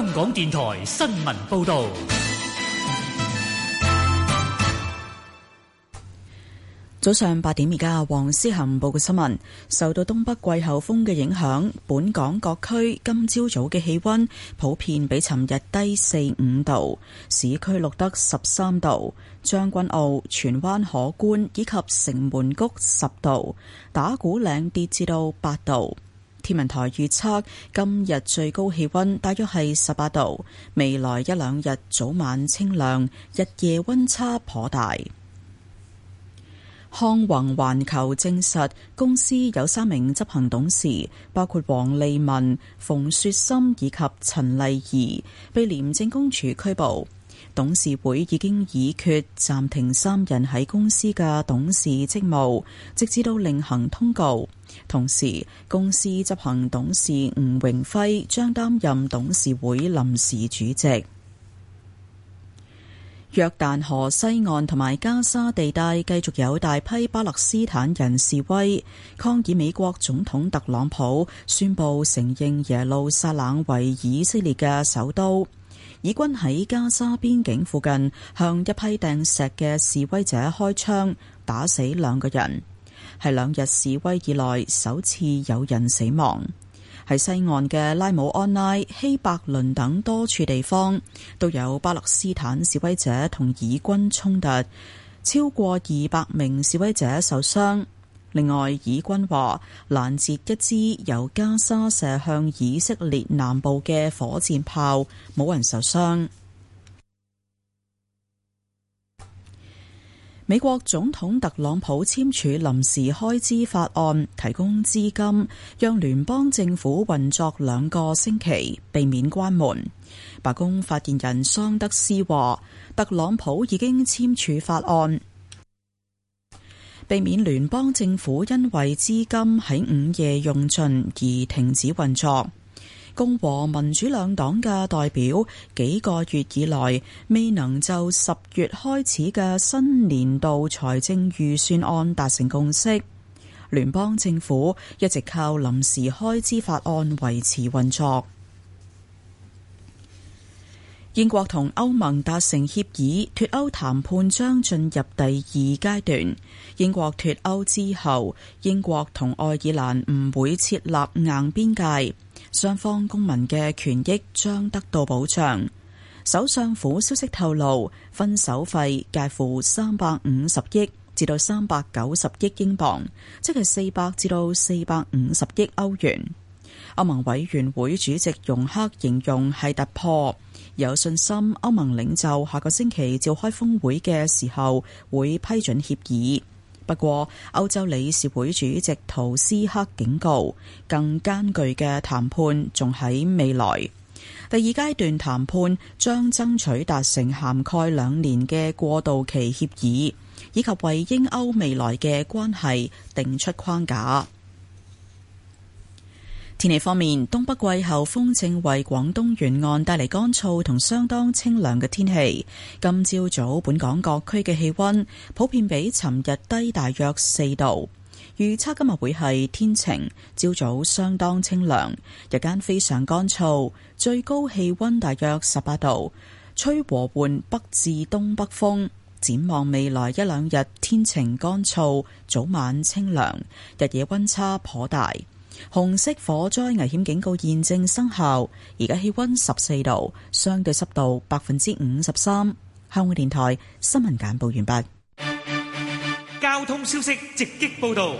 香港電台新聞報道：早上八點在，而家黃思恒報嘅新聞，受到東北季候風嘅影響，本港各區今朝早嘅氣溫普遍比尋日低四五度，市區錄得十三度，將軍澳、荃灣可觀，以及城門谷十度，打鼓嶺跌至到八度。天文台預測今日最高氣溫大約係十八度，未來一兩日早晚清涼，日夜溫差頗大。康宏環球證實，公司有三名執行董事，包括黃利文、馮雪心以及陳麗儀，被廉政公署拘捕。董事會已經議決暫停三人喺公司嘅董事職務，直至到另行通告。同時，公司執行董事吳榮輝將擔任董事會臨時主席。約旦河西岸同埋加沙地帶繼續有大批巴勒斯坦人示威，抗議美國總統特朗普宣布承認耶路撒冷為以色列嘅首都。以軍喺加沙邊境附近向一批掟石嘅示威者開槍，打死兩個人。係兩日示威以來首次有人死亡。喺西岸嘅拉姆安拉、希伯倫等多處地方都有巴勒斯坦示威者同以軍衝突，超過二百名示威者受傷。另外，以軍話攔截一支由加沙射向以色列南部嘅火箭炮，冇人受傷。美國總統特朗普簽署臨時開支法案，提供資金讓聯邦政府運作兩個星期，避免關門。白宮發言人桑德斯話，特朗普已經簽署法案，避免聯邦政府因為資金喺午夜用盡而停止運作。共和民主兩黨嘅代表幾個月以來未能就十月開始嘅新年度財政預算案達成共識。聯邦政府一直靠臨時開支法案維持運作。英國同歐盟達成協議，脫歐談判將進入第二階段。英國脫歐之後，英國同愛爾蘭唔會設立硬邊界。雙方公民嘅權益將得到保障。首相府消息透露，分手費介乎三百五十億至到三百九十億英鎊，即係四百至到四百五十億歐元。歐盟委員會主席容克形容係突破，有信心歐盟領袖下個星期召開峰會嘅時候會批准協議。不過，歐洲理事會主席圖斯克警告，更艱巨嘅談判仲喺未來。第二階段談判將爭取達成涵蓋兩年嘅過渡期協議，以及為英歐未來嘅關係定出框架。天氣方面，東北季候風正為廣東沿岸帶嚟乾燥同相當清涼嘅天氣。今朝早本港各區嘅氣溫普遍比尋日低大約四度。預測今日會係天晴，朝早相當清涼，日間非常乾燥，最高氣溫大約十八度，吹和緩北至東北風。展望未來一兩日，天晴乾燥，早晚清涼，日夜溫差頗大。紅色火災危險警告現正生效，而家氣温十四度，相對濕度百分之五十三。香港電台新聞簡報完畢。交通消息直擊報道。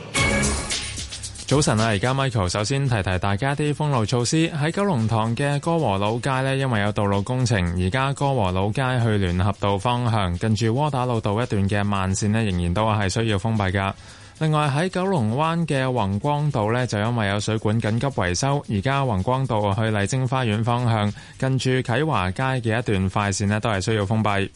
早晨啊，而家 Michael 首先提提大家啲封路措施。喺九龍塘嘅歌和老街呢因為有道路工程，而家歌和老街去聯合道方向近住窩打老道一段嘅慢線呢仍然都係需要封閉噶。另外喺九龍灣嘅宏光道呢，就因為有水管緊急維修，而家宏光道去麗晶花園方向近住啟華街嘅一段快線都係需要封閉。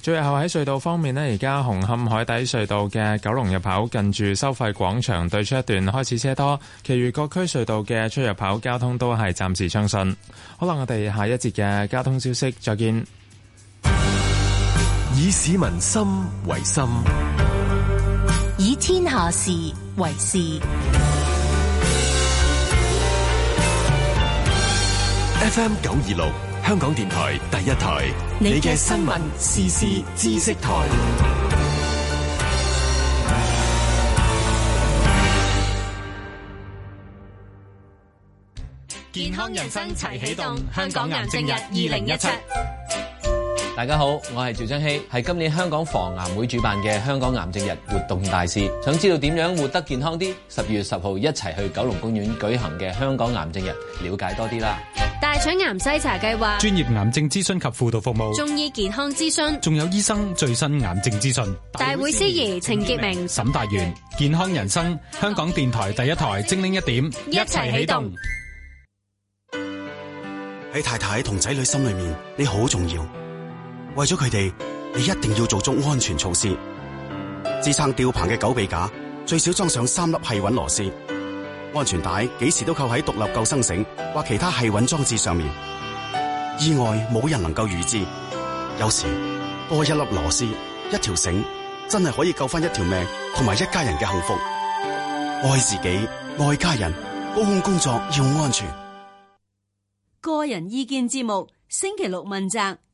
最後喺隧道方面呢，而家紅磡海底隧道嘅九龍入口近住收費廣場對出一段開始車多，其餘各區隧道嘅出入口交通都係暫時暢順。好啦，我哋下一節嘅交通消息再見。以市民心為心。下事為事，FM 九二六香港電台第一台，你嘅新聞、時事、時事知識台，健康人生齊啟動，香港癌症日二零一七。大家好，我係趙增熹，係今年香港防癌會主辦嘅香港癌症日活動大使。想知道點樣活得健康啲？十月十號一齊去九龍公園舉行嘅香港癌症日，了解多啲啦！大腸癌篩查計劃、專業癌症諮詢及輔導服務、中醫健康諮詢，仲有醫生最新癌症資訊。大會司儀：程潔明、沈大元。健康人生，香港電台第一台精靈一點，一齊起，起動。喺太太同仔女心裏面，你好重要。為咗佢哋，你一定要做足安全措施。自撐吊棚嘅狗臂架最少裝上三粒繫穩螺絲。安全帶幾時都扣喺獨立救生繩或其他繫穩裝置上面。意外冇人能夠預知，有時多一粒螺絲、一條繩，真係可以救翻一條命同埋一家人嘅幸福。愛自己，愛家人，高空工作要安全。個人意見節目，星期六問責。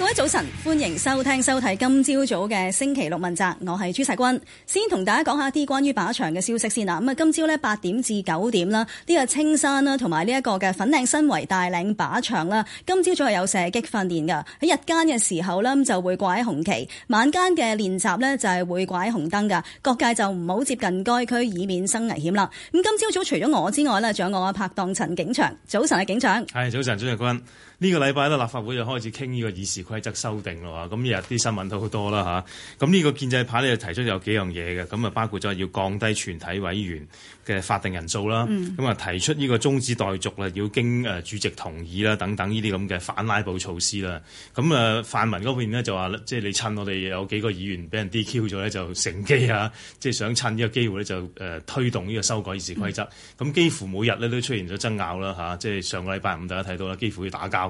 各位早晨，歡迎收聽收睇今朝早嘅星期六問責，我係朱世君。先同大家講下啲關於靶場嘅消息先啦。咁啊，今朝呢，八點至九點啦，呢個青山啦，同埋呢一個嘅粉嶺新圍大嶺靶場啦，今朝早係有射擊訓練噶。喺日間嘅時候啦，就會掛喺紅旗；晚間嘅練習呢就係會掛喺紅燈噶。各界就唔好接近該區，以免生危險啦。咁今朝早除咗我之外呢，仲有我嘅拍檔陳警長。早晨啊，警長。係早晨，朱世君。這個、禮拜呢個禮拜咧，立法會就開始傾呢個議事規則修訂啦喎，咁呢日啲新聞都好多啦嚇，咁呢個建制派咧就提出有幾樣嘢嘅，咁啊包括就要降低全體委員嘅法定人數啦，咁、嗯、啊提出呢個中止待續啦，要經誒主席同意啦，等等呢啲咁嘅反拉布措施啦。咁啊泛民嗰邊呢就話，即係你趁我哋有幾個議員俾人 DQ 咗咧，就乘機啊，即係想趁呢個機會咧就、呃、推動呢個修改議事規則。咁、嗯、幾乎每日咧都出現咗爭拗啦、啊、即係上個禮拜五大家睇到啦，幾乎要打交。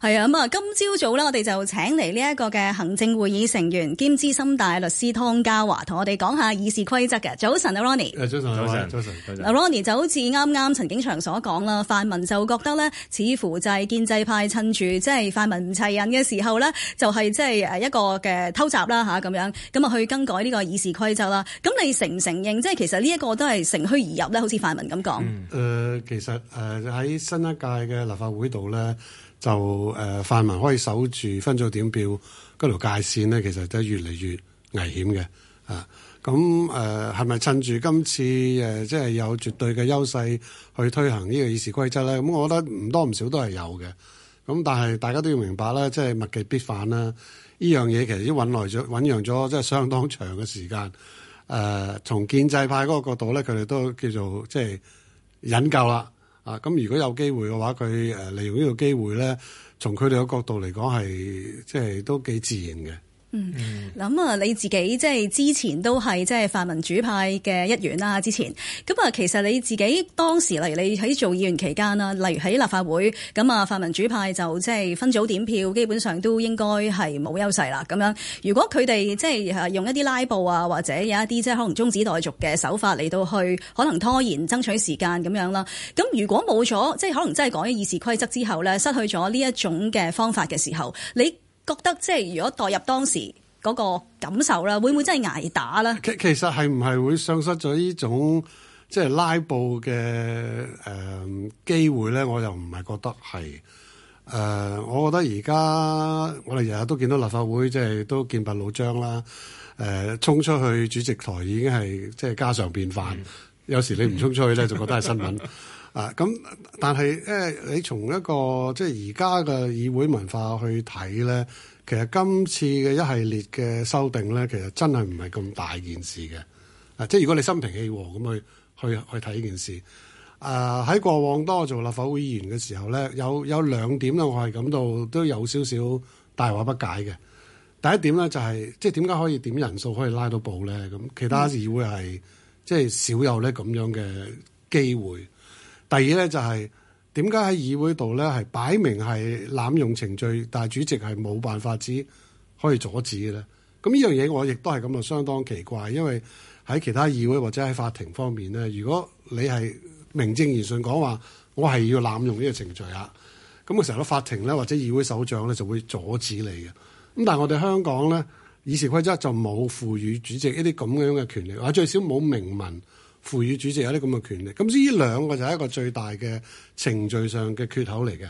係啊，咁啊，今朝早咧，我哋就請嚟呢一個嘅行政會議成員兼資深大律師湯家驊，同我哋講下議事規則嘅。早晨啊 Ronnie，早晨，早晨，早晨。Ronnie 就好似啱啱陳景祥所講啦，泛民就覺得咧，似乎就係建制派趁住即係泛民唔齊人嘅時候咧，就係即係誒一個嘅偷襲啦吓咁樣，咁啊去更改呢個議事規則啦。咁你承唔承認？即係其實呢一個都係乘虛而入咧，好似泛民咁講。誒、嗯呃，其實誒喺、呃、新一屆嘅立法會度咧。就誒、呃、泛民可以守住分組點票嗰條界線咧，其實都越嚟越危險嘅啊！咁誒係咪趁住今次誒即係有絕對嘅優勢去推行呢個議事規則咧？咁、嗯、我覺得唔多唔少都係有嘅。咁、嗯、但係大家都要明白啦，即係物極必反啦。呢樣嘢其實已經醞釀咗醞釀咗，即係相當長嘅時間。誒、啊，從建制派嗰個角度咧，佢哋都叫做即係、就是、引咎啦。啊，咁如果有機會嘅話，佢誒利用這個機會呢個機會咧，從佢哋嘅角度嚟講，係即係都幾自然嘅。嗯，嗱，啊，你自己即係之前都係即係泛民主派嘅一員啦。之前咁啊，其實你自己當時，嚟，你喺做議員期間啦，例如喺立法會，咁啊，泛民主派就即係分組點票，基本上都應該係冇優勢啦。咁樣，如果佢哋即係用一啲拉布啊，或者有一啲即係可能中止待續嘅手法嚟到去可能拖延爭取時間咁樣啦。咁如果冇咗，即係可能真係改議事規則之後咧，失去咗呢一種嘅方法嘅時候，你。覺得即係如果代入當時嗰個感受啦，會唔會真係挨打咧？其實係唔係會喪失咗呢種即係、就是、拉布嘅誒、呃、機會咧？我又唔係覺得係誒、呃，我覺得而家我哋日日都見到立法會即係都見白老張啦，誒、呃、衝出去主席台已經係即係家常便飯，嗯、有時你唔衝出去咧就、嗯、覺得係新聞。 啊，咁但係誒、欸，你從一個即係而家嘅議會文化去睇咧，其實今次嘅一系列嘅修訂咧，其實真係唔係咁大件事嘅。啊，即係如果你心平氣和咁去去去睇呢件事。啊喺過往多做立法會議員嘅時候咧，有有兩點咧，我係感到都有少少大惑不解嘅。第一點咧就係、是，即係點解可以點人數可以拉到布咧？咁其他議會係、嗯、即係少有咧咁樣嘅機會。第二咧就係點解喺議會度咧係擺明係濫用程序，但係主席係冇辦法止，可以阻止嘅咧。咁呢樣嘢我亦都係咁就相當奇怪。因為喺其他議會或者喺法庭方面咧，如果你係名正言順講話，我係要濫用呢個程序啊，咁嘅時候咧，法庭咧或者議會首長咧就會阻止你嘅。咁但係我哋香港咧，議事規則就冇賦予主席一啲咁樣嘅權利，或者最少冇明文。賦予主席有啲咁嘅權力，咁呢兩個就係一個最大嘅程序上嘅缺口嚟嘅，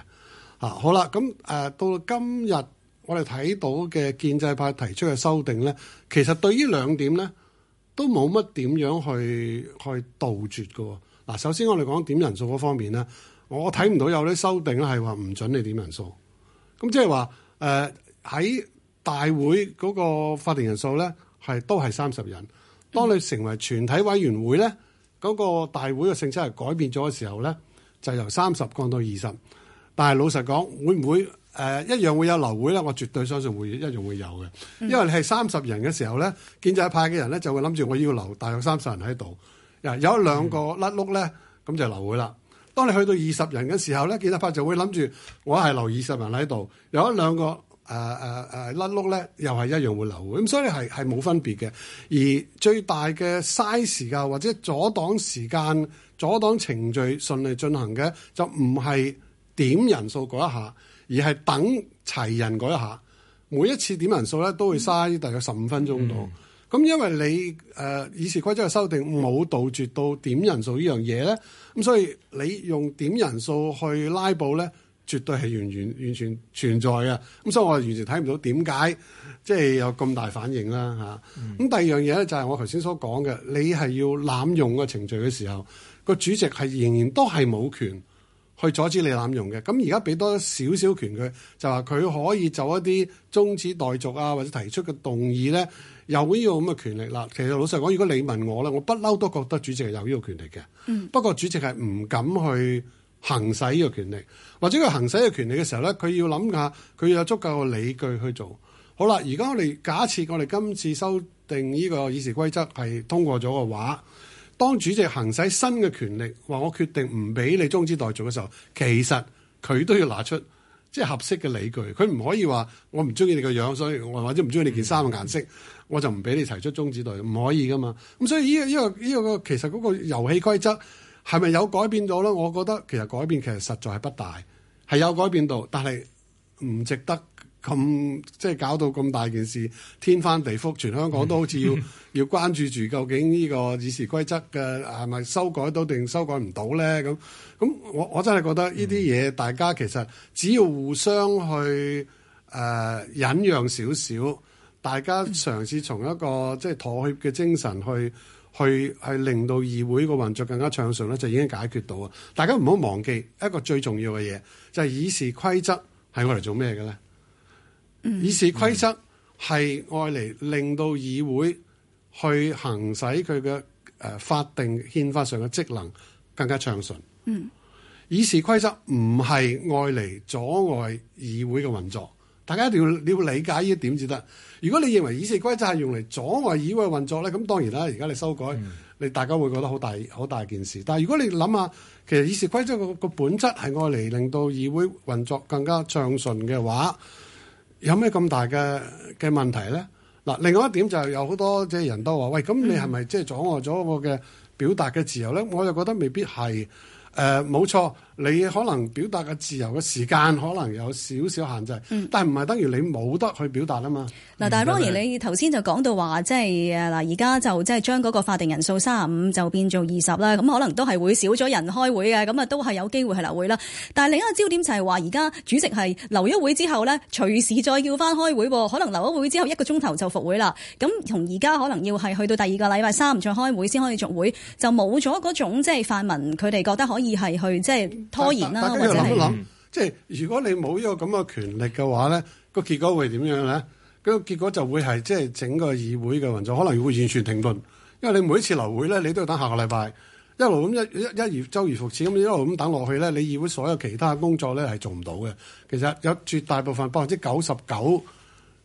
啊。好啦，咁誒、呃、到今日我哋睇到嘅建制派提出嘅修訂咧，其實對於兩點咧都冇乜點樣去去杜絕嘅。嗱、啊，首先我哋講點人數嗰方面咧，我睇唔到有啲修訂係話唔準你點人數。咁即係話喺大會嗰個法定人數咧，係都係三十人。當你成為全體委員會咧。嗯嗰、那個大會嘅性質係改變咗嘅時候呢，就由三十降到二十。但係老實講，會唔會誒、呃、一樣會有流會呢？我絕對相信會一樣會有嘅，因為你係三十人嘅時候呢，建制派嘅人呢就會諗住我要留大約三十人喺度。嗱，有兩兩個甩碌呢，咁、嗯、就流會啦。當你去到二十人嘅時候呢，建制派就會諗住我係留二十人喺度，有一兩個。誒誒誒甩碌咧，又係一樣會流嘅，咁所以係係冇分別嘅。而最大嘅嘥時間或者阻擋時間、阻擋程序順利進行嘅，就唔係點人數嗰一下，而係等齊人嗰一下。每一次點人數咧，都會嘥大概十五分鐘到。咁、嗯、因為你誒、呃、以前規則議事規則嘅修訂冇杜絕到點人數呢樣嘢咧，咁所以你用點人數去拉布咧，絕對係完完全存在嘅，咁所以我完全睇唔到點解即係有咁大反應啦嚇。咁、嗯、第二樣嘢咧就係我頭先所講嘅，你係要濫用個程序嘅時候，個主席係仍然都係冇權去阻止你濫用嘅。咁而家俾多少少權佢，就話佢可以就一啲中止待續啊，或者提出嘅動議咧，有呢個咁嘅權力啦。其實老實講，如果你問我咧，我不嬲都覺得主席係有呢個權力嘅、嗯。不過主席係唔敢去行使呢個權力，或者佢行使嘅權力嘅時候咧，佢要諗下，佢要有足夠嘅理據去做。好啦，而家我哋假設我哋今次修訂呢個議事規則係通過咗嘅話，當主席行使新嘅權力，話我決定唔俾你中止代做嘅時候，其實佢都要拿出即係合適嘅理據，佢唔可以話我唔中意你個樣，所以我或者唔中意你件衫嘅顏色，嗯、我就唔俾你提出中止代，唔可以噶嘛。咁所以呢、呢個呢、呢個呢、呢個其實嗰個遊戲規則。係咪有改變到呢？我覺得其實改變其實實在係不大，係有改變到，但係唔值得咁即係搞到咁大件事，天翻地覆，全香港都好似要、嗯、要關注住究竟呢個議事規則嘅係咪修改到定修改唔到呢？咁咁，我我真係覺得呢啲嘢，嗯、大家其實只要互相去誒、呃、忍讓少少，大家嘗試從一個即係妥協嘅精神去。去係令到議會嘅運作更加暢順咧，就已經解決到啊！大家唔好忘記一個最重要嘅嘢，就係議事規則係愛嚟做咩嘅咧？嗯，議事規則係愛嚟令到議會去行使佢嘅誒法定憲法上嘅職能更加暢順，嗯，議事規則唔係愛嚟阻礙議會嘅運作。大家一定要你要理解呢一點至得。如果你認為議事規則係用嚟阻礙議會運作咧，咁當然啦。而家你修改，你、嗯、大家會覺得好大好大件事。但係如果你諗下，其實議事規則個本質係愛嚟令到議會運作更加暢順嘅話，有咩咁大嘅嘅問題咧？嗱，另外一點就係有好多即係人都話：喂，咁你係咪即係阻礙咗我嘅表達嘅自由咧？我就覺得未必係。誒、呃，冇錯。你可能表達嘅自由嘅時間可能有少少限制，嗯、但係唔係等於你冇得去表達啊嘛？嗱、嗯，但係 Rory 你頭先就講到話，即係誒嗱，而家就即係將嗰個法定人數卅五就變做二十啦，咁可能都係會少咗人開會嘅，咁啊都係有機會係流會啦。但係另一個焦點就係、是、話，而家主席係流咗會之後咧，隨時再叫返開會，可能流咗會之後一個鐘頭就復會啦。咁同而家可能要係去到第二個禮拜三再開會先可以續會，就冇咗嗰種即係、就是、泛民佢哋覺得可以係去即係。就是拖延啦、啊，大家要諗一諗。嗯、即係如果你冇呢個咁嘅權力嘅話咧，個結果會點樣咧？個結果就會係即係整個議會嘅運作可能會完全停頓，因為你每一次流會咧，你都要等下個禮拜，一路咁一一,一週而復始咁一路咁等落去咧，你議會所有其他工作咧係做唔到嘅。其實有絕大部分百分之九十九。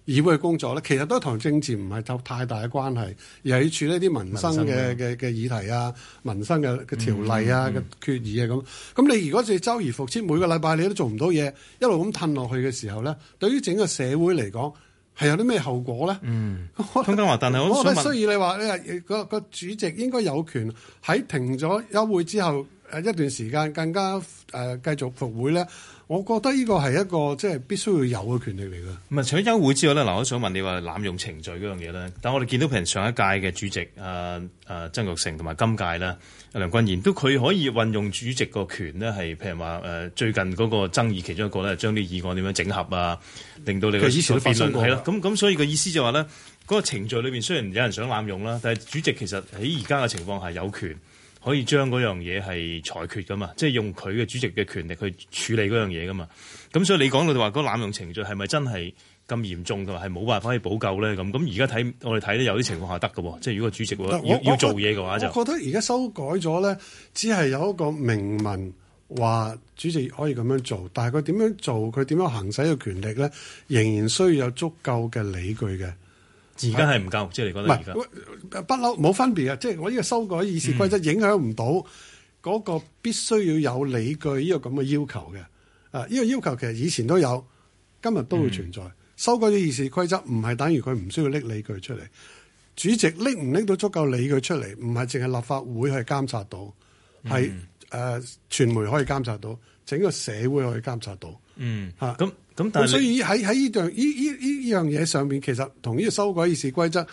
議會嘅工作咧，其實都同政治唔係太太大嘅關係，而係要處理啲民生嘅嘅嘅議題啊、民生嘅嘅條例啊、嘅、嗯嗯、決議啊咁。咁、嗯、你如果係周而復始每個禮拜你都做唔到嘢，一路咁褪落去嘅時候咧，對於整個社會嚟講係有啲咩後果咧？嗯，通江話，但係我，我覺得需要你話，你個主席應該有權喺停咗休會之後誒一段時間更加誒、呃、繼續復會咧。我覺得呢個係一個即係必須要有嘅權力嚟嘅。唔係除咗休會之外咧，嗱，我想問你話濫用程序嗰樣嘢咧。但係我哋見到譬如上一屆嘅主席啊啊、呃呃、曾玉成同埋今屆啦梁君彥，都佢可以運用主席個權呢。係譬如話誒、呃、最近嗰個爭議其中一個咧，將啲議案點樣整合啊，令到你嘅。佢以前都發生過係啦，咁咁所以個意思就話咧，嗰、那個程序裏邊雖然有人想濫用啦，但係主席其實喺而家嘅情況係有權。可以將嗰樣嘢係裁決㗎嘛？即係用佢嘅主席嘅權力去處理嗰樣嘢㗎嘛？咁所以你講到話嗰、嗰個、濫用程序係咪真係咁嚴重？同埋係冇辦法可以補救咧？咁咁而家睇我哋睇咧有啲情況下得㗎喎，即係如果主席要要做嘢嘅話，就我，我覺得而家修改咗咧，只係有一個明文話主席可以咁樣做，但係佢點樣做佢點樣行使嘅權力咧，仍然需要有足夠嘅理據嘅。而家係唔夠，係即係你覺得？唔係，不嬲冇分別嘅，即係我呢個修改議事規則影響唔到嗰個必須要有理據呢個咁嘅要求嘅。啊，依、呢個要求其實以前都有，今日都會存在。嗯、修改咗議事規則唔係等於佢唔需要拎理據出嚟。主席拎唔拎到足夠理據出嚟，唔係淨係立法會去監察到，係。誒、啊，傳媒可以監察到，整個社會可以監察到。嗯，嚇咁咁，但係所以喺喺依樣依依依依樣嘢上面，其實同呢個修改議事規則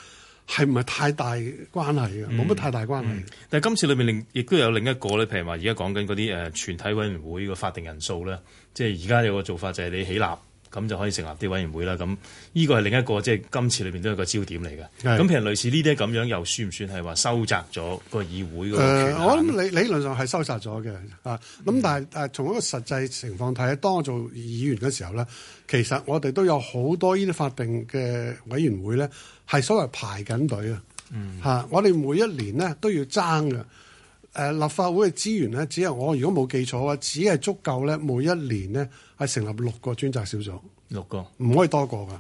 係唔係太大關係嘅。冇、嗯、乜太大關係、嗯嗯。但係今次裏面另亦都有另一個咧，譬如話而家講緊嗰啲誒，全體委員會個法定人數咧，即係而家有個做法就係、是、你起立。咁就可以成立啲委員會啦。咁呢個係另一個即係、就是、今次裏面都有一個焦點嚟嘅。咁其實類似呢啲咁樣，又算唔算係話收窄咗個議會個、呃？我諗理理論上係收窄咗嘅啊。咁、嗯、但係誒，從一個實際情況睇咧，當我做議員嘅時候咧，其實我哋都有好多呢啲法定嘅委員會咧，係所謂排緊隊啊。嗯，啊、我哋每一年咧都要爭嘅。誒立法會嘅資源咧，只係我如果冇記錯嘅話，只係足夠咧每一年咧係成立六個專責小組，六個唔可以多過噶。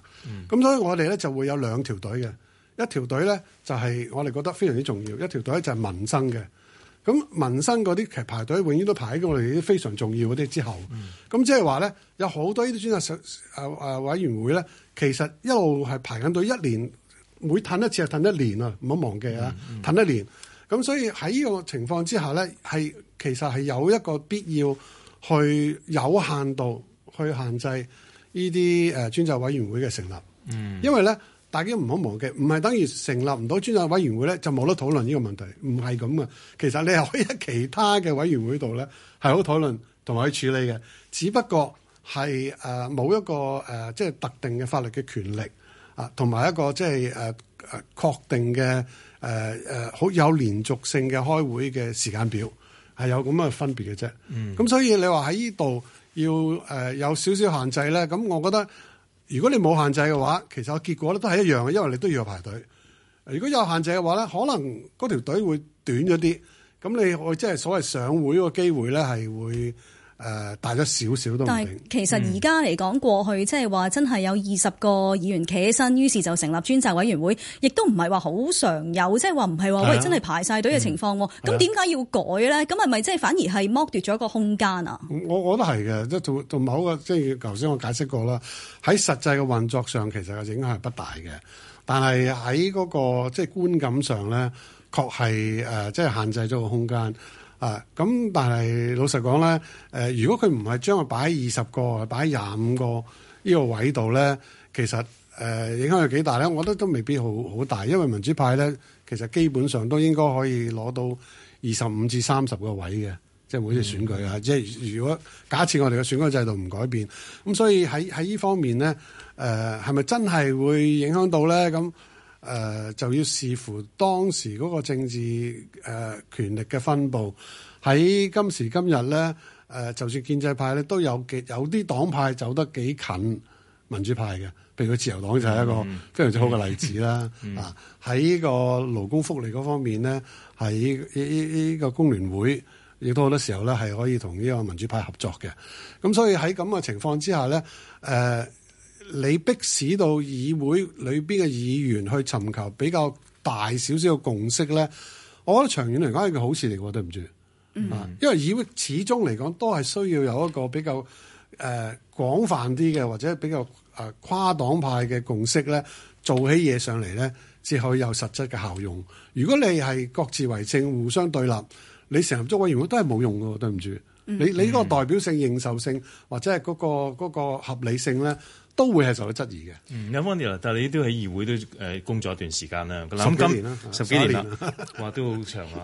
咁、嗯、所以我哋咧就會有兩條隊嘅，一條隊咧就係、是、我哋覺得非常之重要，一條隊就係民生嘅。咁民生嗰啲其實排隊永遠都排喺我哋非常重要嗰啲之後。咁即係話咧，有好多呢啲專責委誒委員會咧，其實一路係排緊隊，一年每褪一次褪一年啊，唔好忘記啊，褪、嗯嗯、一年。咁所以喺呢個情況之下咧，係其實係有一個必要去有限度去限制呢啲誒專責委員會嘅成立。嗯，因為咧大家唔好忘記，唔係等於成立唔到專責委員會咧就冇得討論呢個問題，唔係咁嘅。其實你係可以喺其他嘅委員會度咧係好討論同埋去處理嘅，只不過係誒冇一個誒、呃、即係特定嘅法律嘅權力啊，呃、同埋一個即係誒、呃、確定嘅。誒、呃、好有連續性嘅開會嘅時間表係有咁樣分別嘅啫。嗯，咁所以你話喺呢度要、呃、有少少限制咧，咁我覺得如果你冇限制嘅話，其實個結果咧都係一樣嘅，因為你都要有排隊、呃。如果有限制嘅話咧，可能嗰條隊會短咗啲，咁你我即係所謂上會個機會咧係會。誒、呃、大咗少少都唔定。但係其實而家嚟講，過去即係話真係有二十個議員企起身、嗯，於是就成立專責委員會，亦都唔係話好常有，即係話唔係話喂真係排晒隊嘅情況。咁點解要改咧？咁係咪即係反而係剝奪咗一個空間啊？我覺得係嘅，即係同同某個即係頭先我解釋過啦。喺實際嘅運作上，其實嘅影響係不大嘅，但係喺嗰個即係、就是、觀感上咧，確係誒即係限制咗個空間。啊，咁但係老實講咧，誒、呃，如果佢唔係將佢擺二十個，擺廿五個呢個位度咧，其實誒、呃、影響係幾大咧？我覺得都未必好好大，因為民主派咧，其實基本上都應該可以攞到二十五至三十個位嘅，即係每啲選舉啊，即係如果假設我哋嘅選舉制度唔改變，咁所以喺喺呢方面咧，誒係咪真係會影響到咧？咁？誒、呃、就要視乎當時嗰個政治誒、呃、權力嘅分佈。喺今時今日咧，誒、呃、就算建制派咧都有幾有啲黨派走得幾近民主派嘅，譬如佢自由黨就係一個非常之好嘅例子啦、嗯嗯。啊，喺、嗯、個勞工福利嗰方面咧，喺呢呢呢個工聯會亦都好多時候咧係可以同呢個民主派合作嘅。咁所以喺咁嘅情況之下咧，誒、呃。你迫使到議會裏邊嘅議員去尋求比較大少少嘅共識咧，我覺得長遠嚟講係一個好事嚟嘅，對唔住。啊、嗯，因為議會始終嚟講都係需要有一個比較廣、呃、廣泛啲嘅或者比較誒、呃、跨黨派嘅共識咧，做起嘢上嚟咧，至可以有實質嘅效用。如果你係各自為政、互相對立，你成立咗委員會都係冇用嘅，對唔住、嗯。你你這個代表性、認受性或者係、嗰個、嗰個合理性咧？都會係受到質疑嘅。嗯，阿 Monica，但係你都喺議會都誒工作一段時間啦。咁今年啦，十幾年啦，話都好長啊。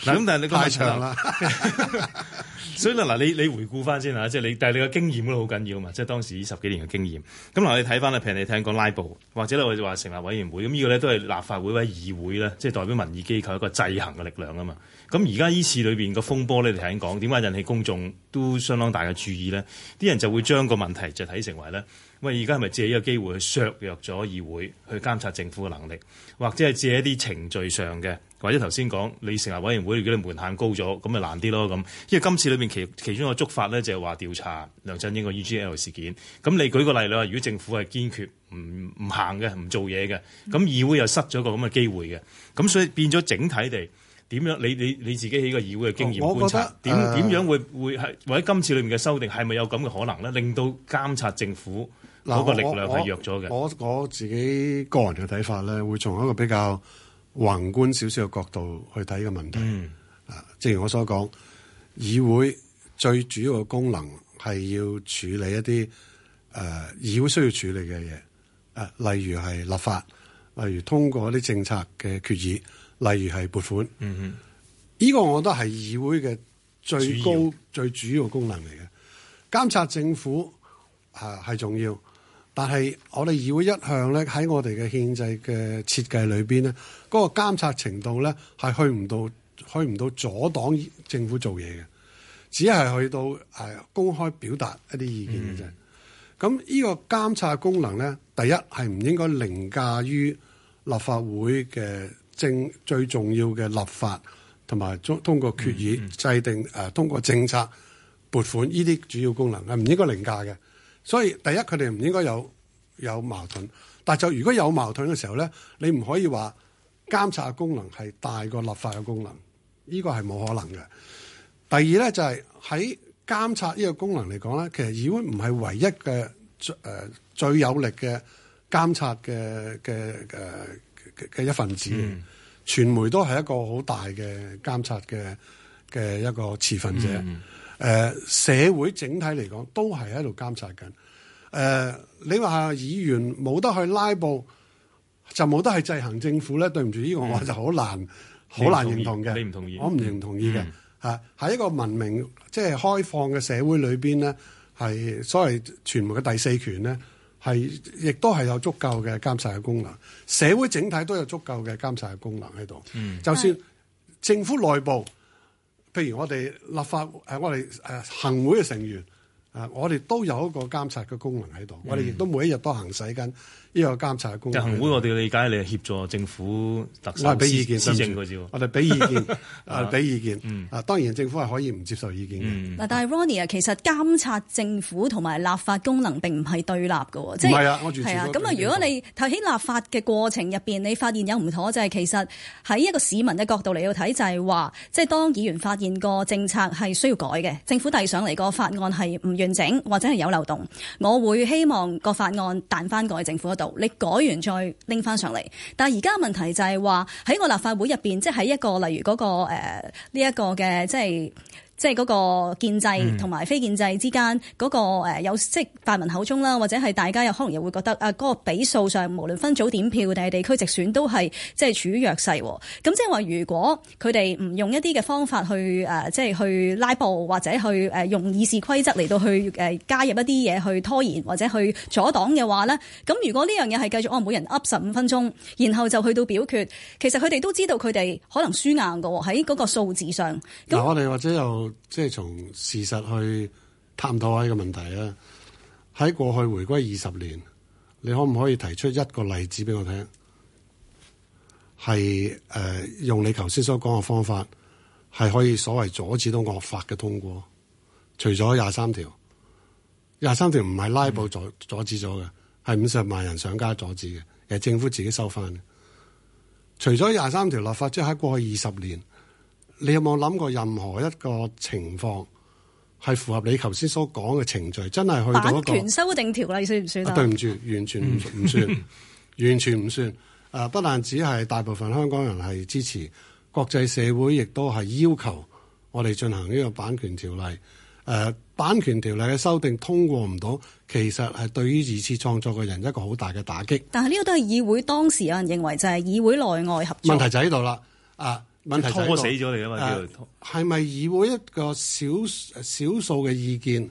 咁 但係你太長啦。 所以啦，嗱你你回顧翻先啊，即係你，但係你嘅經驗都好緊要嘛，即係當時依十幾年嘅經驗。咁嗱，你睇翻咧，譬如你聽講拉布，或者咧我就話成立委員會。咁呢個咧都係立法會或議會咧，即係代表民意機構一個制衡嘅力量啊嘛。咁而家呢次裏面嘅風波咧，就喺講點解引起公眾都相當大嘅注意咧？啲人就會將個問題就睇成為咧，喂！而家係咪借呢個機會去削弱咗議會去監察政府嘅能力，或者係借一啲程序上嘅，或者頭先講你成立委員會，如果你門檻高咗，咁咪難啲咯？咁因為今次裏面其其中一個觸發咧，就係話調查梁振英個 UGL 事件。咁你舉個例，你如果政府係堅決唔唔行嘅，唔做嘢嘅，咁議會又失咗個咁嘅機會嘅，咁所以變咗整體地。點樣？你你你自己喺個議會嘅經驗觀察，點點樣，樣會會係？或者今次裏面嘅修訂係咪有咁嘅可能咧？令到監察政府嗰個力量係弱咗嘅。我我，我自己個人嘅睇法咧，會從一個比較宏觀少少嘅角度去睇呢個問題。啊、嗯，正如我所講，議會最主要嘅功能係要處理一啲誒、呃、議會需要處理嘅嘢，誒、呃，例如係立法，例如通過一啲政策嘅決議。例如係撥款，呢、嗯，呢個我覺得係議會嘅最高最主要功能嚟嘅。監察政府啊係重要，但係我哋議會一向咧喺我哋嘅憲制嘅設計裏邊咧，嗰、嗰個監察程度咧係去唔到，去唔到阻擋政府做嘢嘅，只係去到誒公開表達一啲意見嘅啫。咁、嗯、呢、呢個監察功能咧，第一係唔應該凌駕於立法會嘅。政最重要嘅立法同埋通通過決議制定誒、呃、通過政策撥款呢啲主要功能係唔應該凌駕嘅，所以第一佢哋唔應該有有矛盾，但係就如果有矛盾嘅時候咧，你唔可以話監察嘅功能係大過立法嘅功能，呢、這個係冇可能嘅。第二咧就係喺監察呢個功能嚟講咧，其實如果唔係唯一嘅誒、呃、最有力嘅監察嘅嘅誒。嘅一份子、嗯，傳媒都係一個好大嘅監察嘅嘅一個持份者。誒、嗯嗯呃，社會整體嚟講都係喺度監察緊。誒、呃，你話議員冇得去拉布，就冇得去制衡政府咧？對唔住，呢、嗯、個我就好難，好難認同嘅。你唔同意？我唔認同意嘅。嚇、嗯，喺、啊、一個文明、即係開放嘅社會裏邊咧，係所謂傳媒嘅第四權咧。係，亦都係有足夠嘅監察嘅功能，社會整體都有足夠嘅監察嘅功能喺度、嗯。就算政府內部，譬如我哋立法，誒我哋誒、啊、行會嘅成員，誒、啊、我哋都有一個監察嘅功能喺度、嗯。我哋亦都每一日都行使緊。呢、這個監察嘅功能，行會我哋理解嚟協助政府特首施施政嘅我哋俾意見，俾意，意見 啊，啊、嗯，當然政府係可以唔接受意見嘅。嗱、嗯，但係 Ronnie、啊、其實監察政府同埋立法功能並唔係對立嘅，即係係啊。咁、就是、啊，如果你提起立法嘅過程入面，你發現有唔妥，就係、是、其實喺一個市民嘅角度嚟到睇，就係、是、話，即、就、係、是、當議員發現個政策係需要改嘅，政府遞上嚟個法案係唔完整或者係有漏洞，我會希望個法案彈翻過去政府嗰度。你改完再拎翻上嚟，但係而家問題就係話喺個立法會入邊，即係喺一個例如嗰個誒呢一個嘅即係。即係嗰個建制同埋非建制之間嗰、那個有、嗯、即係泛民口中啦，或者係大家又可能又會覺得誒嗰個比數上，無論分組點票定係地區直選都係即係處於弱勢。咁即係話，如果佢哋唔用一啲嘅方法去誒、啊，即係去拉布或者去誒、啊、用議事規則嚟到去誒、啊、加入一啲嘢去拖延或者去阻擋嘅話咧，咁如果呢樣嘢係繼續按、哦、每人噏十五分鐘，然後就去到表決，其實佢哋都知道佢哋可能輸硬嘅喎喺嗰個數字上。嗱，我哋或者又。即係從事實去探討下呢個問題啊！喺過去回歸二十年，你可唔可以提出一個例子俾我聽？係誒、呃，用你頭先所講嘅方法，係可以所謂阻止到惡法嘅通過。除咗廿三條，廿三條唔係拉布阻阻止咗嘅，嗯、是人阻止咗嘅，係五十萬人上街阻止嘅，係政府自己收翻。除咗廿三條立法，即係喺過去二十年。你有冇諗過任何一個情況係符合你頭先所講嘅程序？真係去到一個版權修訂條例算唔算？啊、對唔住，完全唔唔算， 完全唔算，啊。不但只係大部分香港人係支持，國際社會亦都係要求我哋進行呢個版權條例。誒、啊，版權條例嘅修訂通過唔到，其實係對於二次創作嘅人一個好大嘅打擊。但係呢個都係議會當時有人認為就係議會內外合作問題就喺度啦。啊！問題就喺度。係咪以會一個少少數嘅意見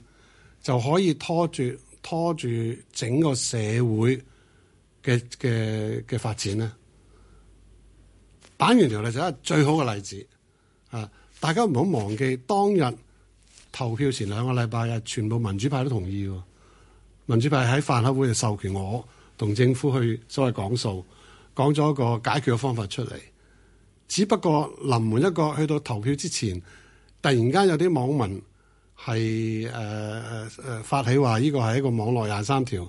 就可以拖住拖住整個社會嘅嘅嘅發展呢？版權條例就係最好嘅例子啊！大家唔好忘記當日投票前兩個禮拜日，全部民主派都同意嘅。民主派喺飯盒會就授權我同政府去所謂講數，講咗一個解決嘅方法出嚟。只不過臨門一個，去到投票之前，突然間有啲網民係誒誒發起話呢個係一個網絡廿三條，咁、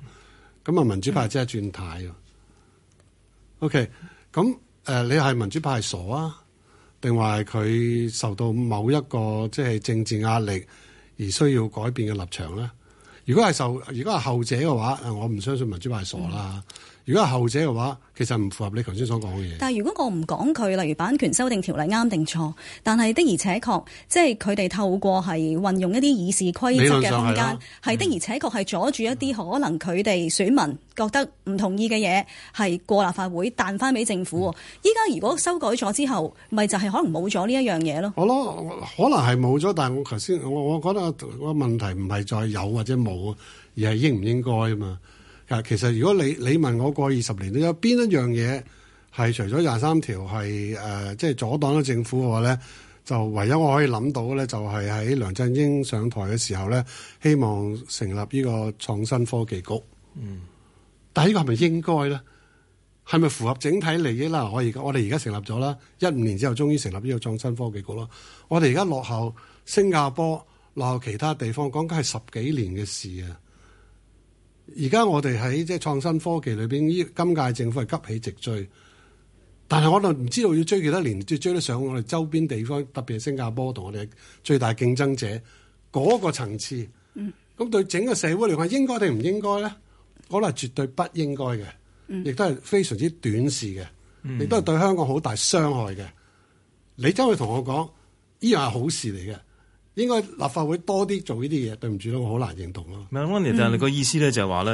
嗯、啊民主派即係轉態喎。OK，咁誒、呃、你係民主派係傻啊？定話係佢受到某一個即係政治壓力而需要改變嘅立場咧？如果係受，如果係後者嘅話，我唔相信民主派係傻啦。嗯如果係後者嘅話，其實唔符合你頭先所講嘅嘢。但係如果我唔講佢，例如版權修訂條例啱定錯，但係的而且確，即係佢哋透過係運用一啲議事規則嘅空間，係的而且確係阻住一啲可能佢哋選民覺得唔同意嘅嘢，係過立法會彈翻俾政府。依、嗯、家如果修改咗之後，咪就係可能冇咗呢一樣嘢咯。我諗可能係冇咗，但係我頭先我我覺得個問題唔係再有或者冇，而係應唔應該啊嘛。其實如果你你問我過二十年都有邊一樣嘢係除咗廿三條係誒、呃，即係阻擋咗政府嘅話咧，就唯一我可以諗到咧，就係喺梁振英上台嘅時候咧，希望成立呢個創新科技局。嗯，但係呢個係咪應該咧？係咪符合整體利益啦？我而我哋而家成立咗啦，一五年之後終於成立呢個創新科技局咯。我哋而家落後新加坡，落後其他地方，講緊係十幾年嘅事啊！而家我哋喺即係創新科技裏邊呢，今屆政府係急起直追，但係我哋唔知道要追幾多年，先追得上我哋周邊地方，特別係新加坡同我哋最大競爭者嗰個層次。咁、嗯、對整個社會嚟講應該定唔應該咧？我覺得係絕對不應該嘅，亦都係非常之短視嘅，亦都係對香港好大傷害嘅。你真係同我講依樣係好事嚟嘅。應該立法會多啲做呢啲嘢，對唔住咯，我好難認同咯。唔、嗯、係但係你個意思咧就係話咧，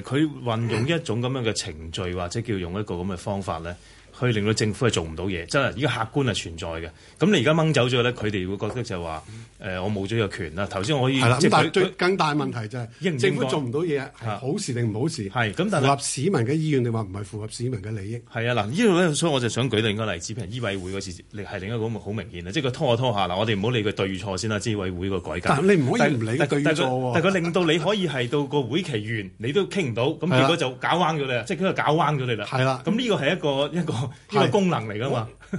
佢、呃、運用一種咁樣嘅程序，或者叫用一個咁嘅方法咧。去令到政府係做唔到嘢，真係依家客觀係存在嘅。咁你而家掹走咗咧，佢哋會覺得就係話：誒、呃，我冇咗呢個權啦。頭先我可以係啦。但係最更大問題就係、是、政府做唔到嘢，好事定唔好事？係咁，但係符合市民嘅意願你話唔係符合市民嘅利益？係啊，嗱，呢度咧，所以我就想舉例一個例子，譬如醫委會嗰次，係另一個好明顯啦。即係佢拖一拖一下嗱，我哋唔好理佢對與錯先啦。醫委會個改革，但你唔可以唔理佢對錯、啊、但佢令到你可以係到個會期完，你都傾唔到，咁結果就搞彎咗你啦。即係佢搞彎咗你啦。係啦。咁呢個係一個一個。呢、哦、個功能嚟噶嘛？呢係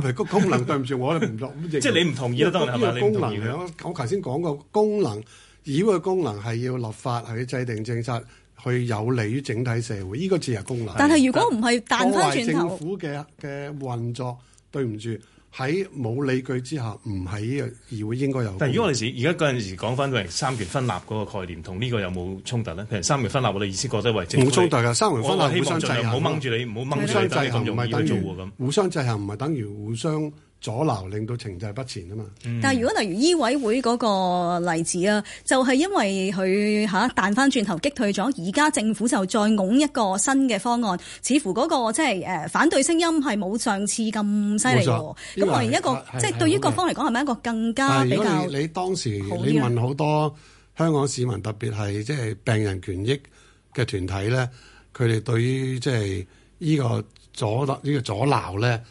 咪功能？對唔住我， 你唔落。即係你唔同意咯，當然係功能啊，我頭先講過功能，而個功能係要立法，去制定政策，去有利於整體社會。呢、這個字係功能。但係如果唔係彈翻轉頭，政府嘅嘅運作，對唔住。喺冇理據之下，唔喺議、議會應該有。但如果我哋時而家嗰陣時講翻，喂三權分立嗰個概念，同呢個有冇衝突呢？譬如三權分立，我哋意思覺得為正。冇衝突㗎，三權分立我係希望唔好掹住你，唔好掹住你，就咁容易做喎咁。互相制衡唔係等、等於互相。阻撓令到情勢不前啊嘛、嗯！但如果例如醫委會嗰個例子、就是、啊，就係因為佢吓彈翻轉頭擊退咗，而家政府就再搞一個新嘅方案，似乎嗰、那個即係誒反對聲音係冇上次咁犀利。冇錯咁係一個即係、啊就是、對於各方嚟講，係咪一個更加比較你，你當時你問好多香港市民，特別係即係病人權益嘅團體咧，佢哋對於即係呢個阻撓呢、這個阻撓咧？這個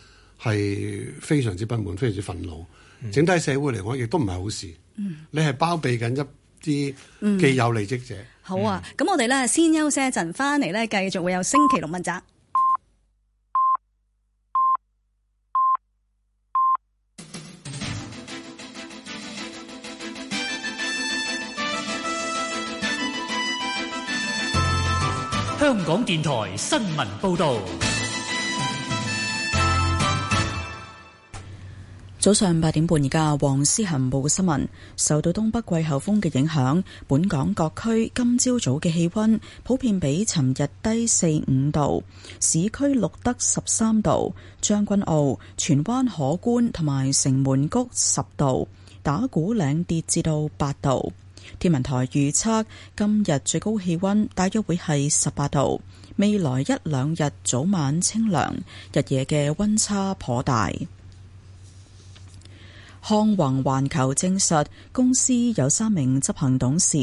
係非常之不滿，非常之憤怒，嗯，整體社會嚟講亦都唔係好事。嗯，你係包庇緊一啲既有利益者。嗯，好啊，咁，嗯、我哋咧先休息一陣，翻嚟咧繼續會有星期六問責。香港電台新聞報道。早上八點半，而家黃思恆報嘅新聞，受到東北季候風嘅影響，本港各區今朝早嘅氣溫普遍比尋日低四五度，市區錄得十三度，將軍澳、荃灣可觀，同埋城門谷十度，打鼓嶺跌至到八度。天文台預測今日最高氣溫大約會係十八度，未來一兩日早晚清涼，日夜嘅溫差頗大。康宏環球證實，公司有三名執行董事，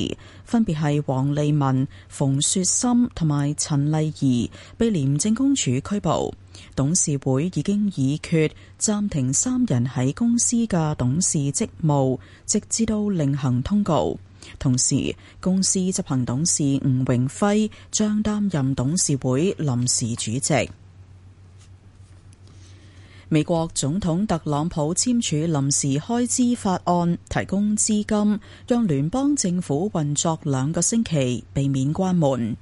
分別係黃利文、馮雪心同埋陳麗儀，被廉政公署拘捕。董事會已經議決暫停三人喺公司嘅董事職務，直至到另行通告。同時，公司執行董事吳榮輝將擔任董事會臨時主席。美國總統特朗普簽署臨時開支法案，提供資金讓聯邦政府運作兩個星期，避免關門。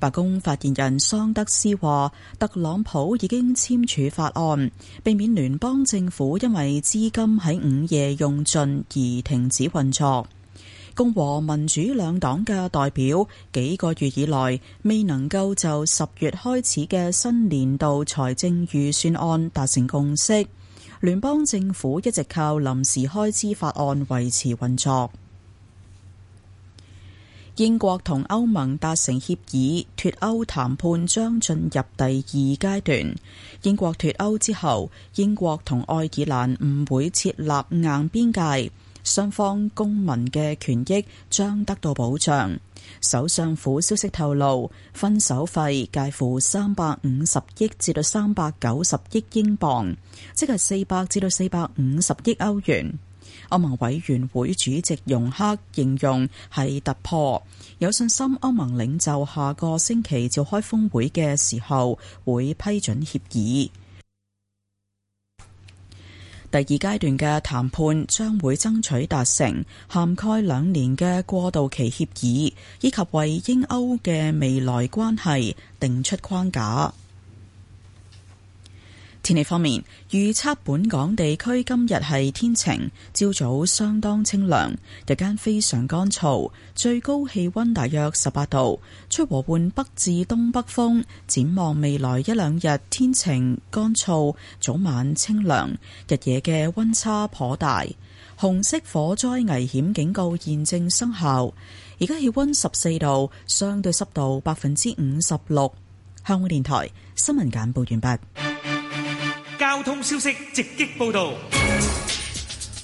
白宮發言人桑德斯話，特朗普已經簽署法案，避免聯邦政府因為資金喺午夜用盡而停止運作。共和民主兩黨嘅代表幾個月以來未能夠就十月開始嘅新年度財政預算案達成共識，聯邦政府一直靠臨時開支法案維持運作。英國同歐盟達成協議，脫歐談判將進入第二階段。英國脫歐之後，英國同愛爾蘭唔會設立硬邊界。雙方公民嘅權益將得到保障。首相府消息透露，分手費介乎三百五十億至到三百九十億英鎊，即係四百至到四百五十億歐元。歐盟委員會主席容克形容係突破，有信心歐盟領袖下個星期召開峰會嘅時候會批准協議。第二階段嘅談判將會爭取達成涵蓋兩年嘅過渡期協議，以及為英歐嘅未來關係定出框架。天氣方面，預測本港地區今日係天晴，朝早相當清涼，日間非常乾燥，最高氣溫大約十八度，吹和緩北至東北風。展望未來一兩日，天晴乾燥，早晚清涼，日夜嘅溫差頗大。紅色火災危險警告現正生效。而家氣溫十四度，相對濕度百分之五十六。香港電台新聞簡報完畢。交通消息直擊報道。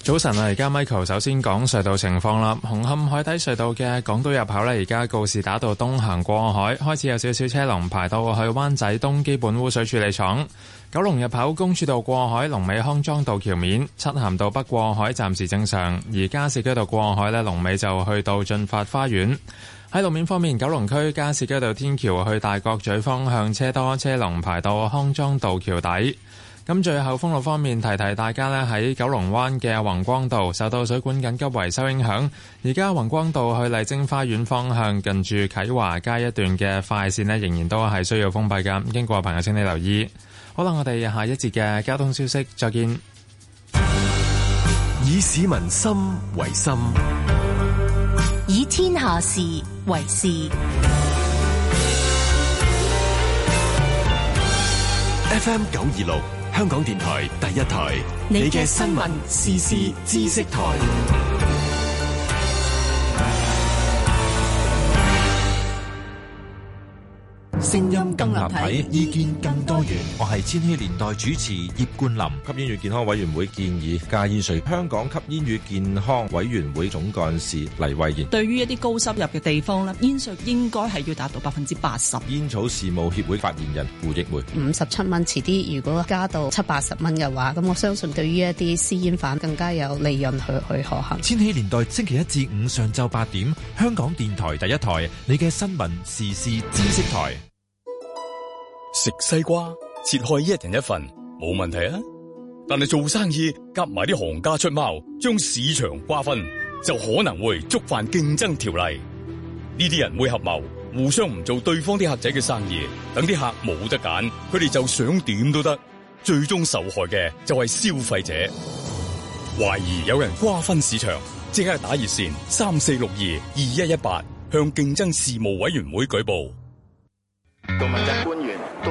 早晨啊，而家 Michael 首先講隧道情況啦。紅磡海底隧道嘅港島入口呢，而家告士打道東行過海開始有少少車龍，排到去灣仔東基本污水處理廠。九龍入口公主道過海，龍尾康莊道橋面，漆咸道北過海暫時正常。而加士居道過海呢，龍尾就去到駿發花園。喺路面方面，九龍區加士居道天橋去大角咀方向車多，車龍排到康莊道橋底。咁最後，封路方面提提大家咧，喺九龍灣嘅宏光道受到水管緊急維修影響，而家宏光道去麗晶花園方向近住啟華街一段嘅快線呢，仍然都係需要封閉嘅，經過朋友請你留意。好啦，我哋下一節嘅交通消息，再見。以市民心為心，以天下事為事。FM 九二六。香港電台第一台，你嘅新聞時事知識台。聲音更立體，意見更多元。我係千禧年代主持葉冠林。吸煙與健康委員會建議加煙稅。香港吸煙與健康委員會總幹事黎慧賢，對於一啲高收入嘅地方咧，煙稅應該係要達到百分之八十。煙草事務協會發言人胡益梅，五十七蚊，遲啲如果加到七八十蚊嘅話，咁我相信對於一啲私煙販更加有利潤去去可行。千禧年代星期一至五上晝八點，香港電台第一台，你嘅新聞時事知識台。食西瓜切開一人一份冇問題啊，但係做生意夾埋啲行家出貓，將市場瓜分就可能會觸犯競爭條例。呢啲人會合謀，互相唔做對方啲客仔嘅生意，等啲客冇得揀，佢哋就想點都得。最終受害嘅就係消費者。懷疑有人瓜分市場，即刻打熱線三四六二二一一八向競爭事務委員會舉報。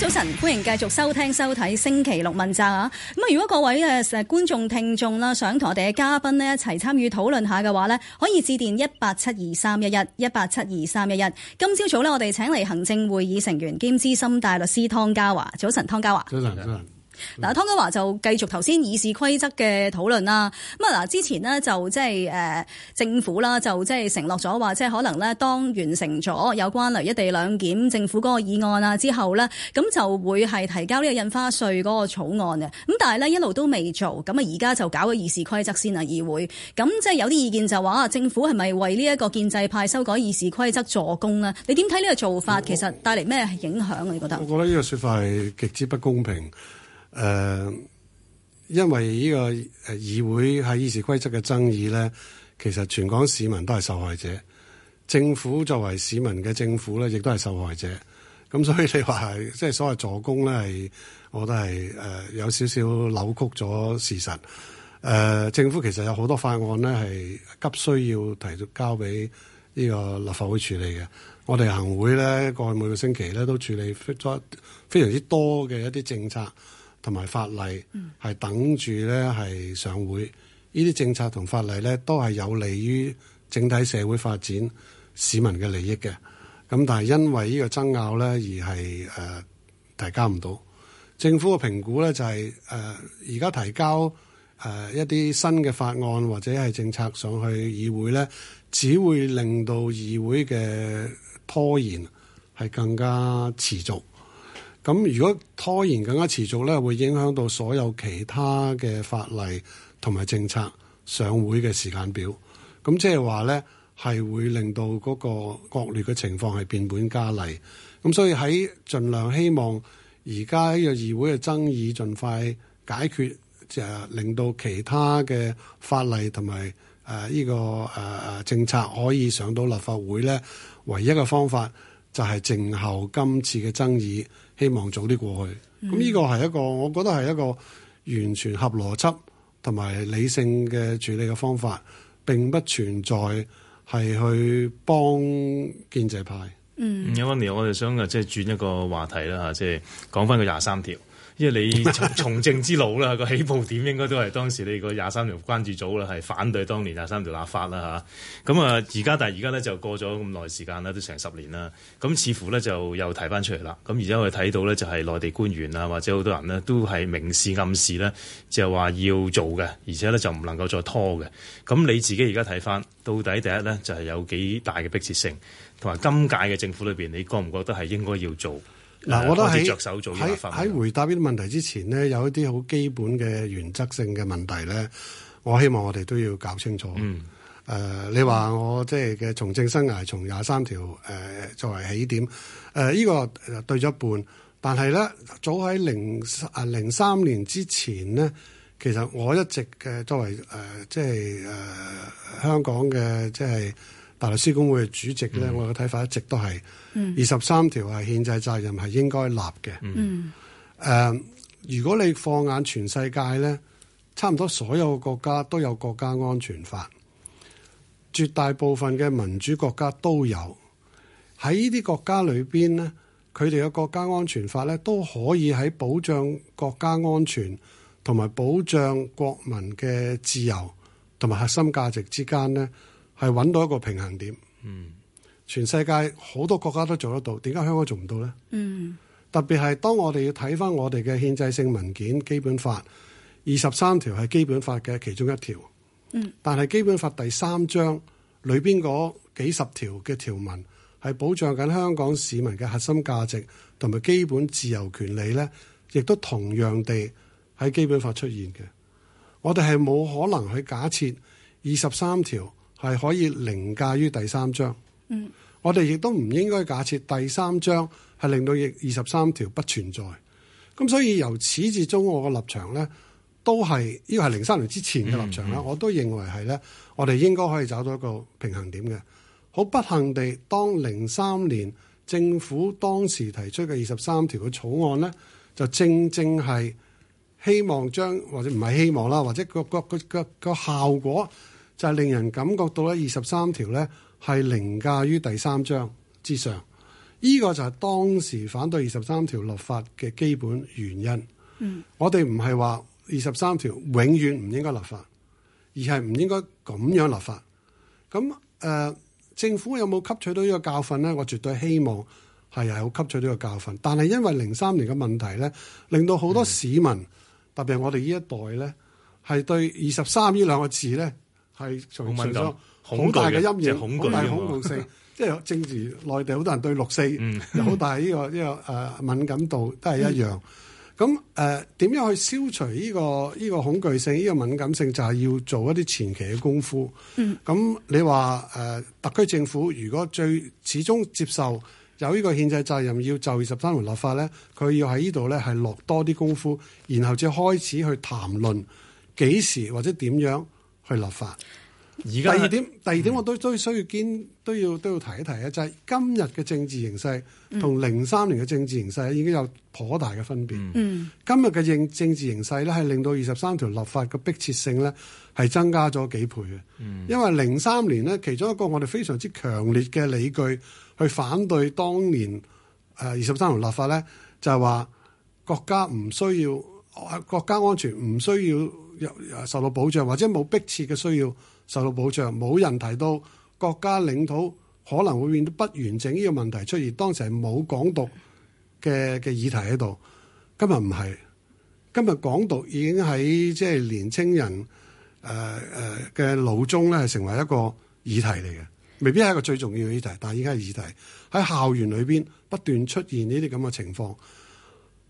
早晨，歡迎繼續收聽收睇星期六問責啊！咁啊，如果各位嘅觀眾聽眾啦，想同我哋嘅嘉賓咧一齊參與討論下嘅話咧，可以致電一八七二三一一一八七二三一一。今朝早咧，我哋請嚟行政會議成員兼資深大律師湯家驊。早晨，湯家驊。早晨，早晨。嗱，湯家驊就繼續頭先議事規則嘅討論啦。咁啊，嗱，之前呢，就即係誒政府啦，就即係承諾咗話，即係可能咧當完成咗有關嚟一地兩檢政府嗰個議案啊之後咧，咁就會係提交呢個印花稅嗰個草案嘅。咁但係咧一路都未做，咁啊而家就搞個議事規則先啊議會。咁即係有啲意見就話，政府係咪為呢一個建制派修改議事規則助攻啊？你點睇呢個做法？其實帶嚟咩影響啊？你覺得？我覺得呢個說法係極之不公平。誒、呃，因為呢個議會喺議事規則嘅爭議咧，其實全港市民都係受害者。政府作為市民嘅政府咧，亦都係受害者。咁所以你話即係所謂助攻咧，係我都係誒有少少扭曲咗事實。誒、呃，政府其實有好多法案咧，係急需要提交俾呢個立法會處理嘅。我哋行會咧，過去每個星期咧都處理咗非常之多嘅一啲政策。同埋法例係等住咧係上會，呢啲政策同法例咧都係有利於整體社會發展，市民嘅利益嘅。咁但係因為呢個爭拗咧而係誒、呃、提交唔到，政府嘅評估咧就係誒而家提交誒、呃、一啲新嘅法案或者係政策上去議會咧，只會令到議會嘅拖延係更加持續。咁如果拖延更加持續咧，會影響到所有其他嘅法例同埋政策上會嘅時間表。咁即係話咧，係會令到嗰個惡劣嘅情況係變本加厲。咁所以喺盡量希望而家呢個議會嘅爭議盡快解決，就令到其他嘅法例同埋誒呢個政策可以上到立法會咧。唯一嘅方法就係靜候今次嘅爭議。希望早啲過去，咁、嗯、呢個係一個，我覺得係一個完全合邏輯同埋理性嘅處理嘅方法。並不存在係去幫建制派。嗯，有問、嗯、我哋想即係轉一個話題啦，即係講返個廿三條。 因為你從政之路啦，個起步點應該都係當時你個廿三條關注組啦，係反對當年廿三條立法啦吓，咁啊，而家但係而家咧就過咗咁耐時間啦，都成十年啦。咁似乎咧就又提翻出嚟啦。咁而家我哋睇到咧就係內地官員啊，或者好多人呢，都係明示暗示咧，就話要做嘅，而且咧就唔能夠再拖嘅。咁你自己而家睇翻，到底第一咧就係有幾大嘅迫切性，同埋今屆嘅政府裏面，你覺唔覺得係應該要做？嗱，我都喺喺喺回答呢啲問題之前咧，有一啲好基本嘅原則性嘅問題咧，我希望我哋都要搞清楚。誒、嗯呃，你話我即係嘅從政生涯從廿三條誒、呃、作為起點，誒、呃、依、這個對咗一半，但係咧早喺零啊零三年之前咧，其實我一直嘅作為誒、呃、即係誒、呃、香港嘅即係。大律師公會嘅主席咧、嗯，我嘅睇法一直都係二十三條係憲制責任係應該立嘅。嗯 uh, 如果你放眼全世界咧，差唔多所有國家都有國家安全法，絕大部分嘅民主國家都有，喺呢啲國家裏邊咧，佢哋嘅國家安全法咧都可以喺保障國家安全同埋保障國民嘅自由同埋核心價值之間咧，係揾到一個平衡點。嗯，全世界好多國家都做得到，點解香港做唔到呢？嗯，特別係當我哋要睇翻我哋嘅憲制性文件《基本法》二十三條係基本法嘅其中一條。嗯，但係《基本法》第三章裏邊嗰幾十條嘅條文係保障緊香港市民嘅核心價值同埋基本自由權利呢，亦都同樣地喺《基本法》出現嘅。我哋係冇可能去假設二十三條。係可以凌駕於第三章。嗯，我哋亦都唔應該假設第三章係令到二十三條不存在。咁所以由始至終，我個立場呢都係呢個係零三年之前嘅立場啦、嗯。我都認為係呢，我哋應該可以找到一個平衡點嘅。好不幸地，當零三年政府當時提出嘅二十三條嘅草案呢，就正正係希望將或者唔係希望啦，或者、或者、嗰個、嗰個、嗰個、嗰個效果。就係、是、令人感覺到咧，二十三條咧係凌駕於第三章之上。呢、呢個就係當時反對二十三條立法嘅基本原因。嗯、我哋唔係話二十三條永遠唔應該立法，而係唔應該咁樣立法。咁、呃、政府有冇吸取到呢個教訓呢？我絕對希望係有好吸取到呢個教訓。但係因為零三年嘅問題呢，令到好多市民、嗯、特別係我哋呢一代呢，係對二十三呢兩個字呢，係造成好大嘅陰影，好、就是、大恐怖性，即係正如內地好多人對六四、嗯、有好大呢、這個呢、這個誒、呃、敏感度，都係一樣。咁誒點樣去消除呢、這個呢、這個恐懼性、呢、這個敏感性，就係要做一啲前期嘅功夫。咁、嗯、你話誒、呃、特區政府如果最始終接受有呢個憲制責任要就二十三條立法咧，佢要喺呢度咧係落多啲功夫，然後至開始去談論幾時或者點樣。去立法。而家第二點，第二點我都都需要堅、嗯、都要都要提一提就係、是、今日嘅政治形勢同零三年嘅政治形勢已經有頗大嘅分別、嗯。今日嘅政政治形勢咧，係令到二十三條立法嘅迫切性咧，係增加咗幾倍嘅、嗯。因為零三年咧，其中一個我哋非常之強烈嘅理據去反對當年誒二十三條立法咧，就係、是、話國家唔需要國家安全唔需要。受到保障，或者冇迫切嘅需要受到保障，冇人提到國家領土可能會變得不完整呢個問題出現，當時係冇港獨嘅嘅議題喺度，今日唔係，今日港獨已經喺即係年青人誒誒嘅腦中咧，係成為一個議題嚟嘅。未必係一個最重要嘅議題，但係依家係議題喺校園裏邊不斷出現呢啲咁嘅情況。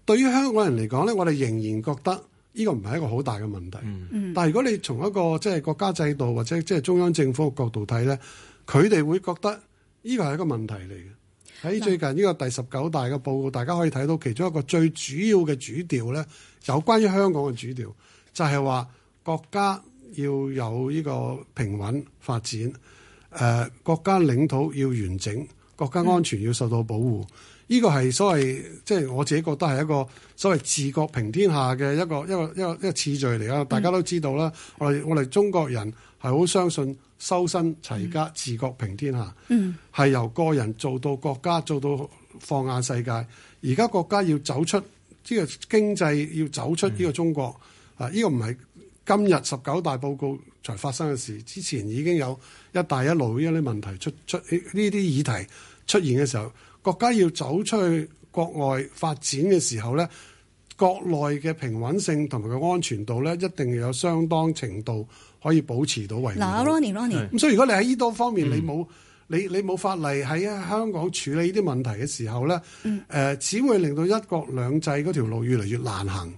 對於香港人嚟講咧，我哋仍然覺得。呢個唔係一個好大嘅問題，嗯，但係如果你從一個即係國家制度或者即係中央政府嘅角度睇呢，佢哋會覺得呢個係一個問題嚟嘅。喺最近呢個第十九大嘅報告，大家可以睇到其中一個最主要嘅主調呢，有關於香港嘅主調，就係話國家要有呢個平穩發展，誒，國家領土要完整，國家安全要受到保護。嗯。呢、這個係所謂，即係我自己覺得係一個所謂治國平天下嘅一個一個一個一個次序嚟啦。大家都知道啦、嗯，我我哋中國人係好相信修身齊家、嗯、治國平天下，係、嗯、由個人做到國家做到放眼世界。而家國家要走出呢、這個經濟要走出呢個中國、嗯、啊，呢、這個唔係今日十九大報告才發生嘅事，之前已經有“一帶一路”呢啲問題出出呢啲議題出現嘅時候。國家要走出去國外發展嘅時候咧，國內嘅平穩性同埋個安全度咧，一定要有相當程度可以保持到為。嗱 Ronnie、嗯、Ronnie 咁所以如果你喺呢多方面，你冇你你冇法例喺香港處理呢啲問題嘅時候咧，誒、呃，只會令到一國兩制嗰條路越嚟越難行。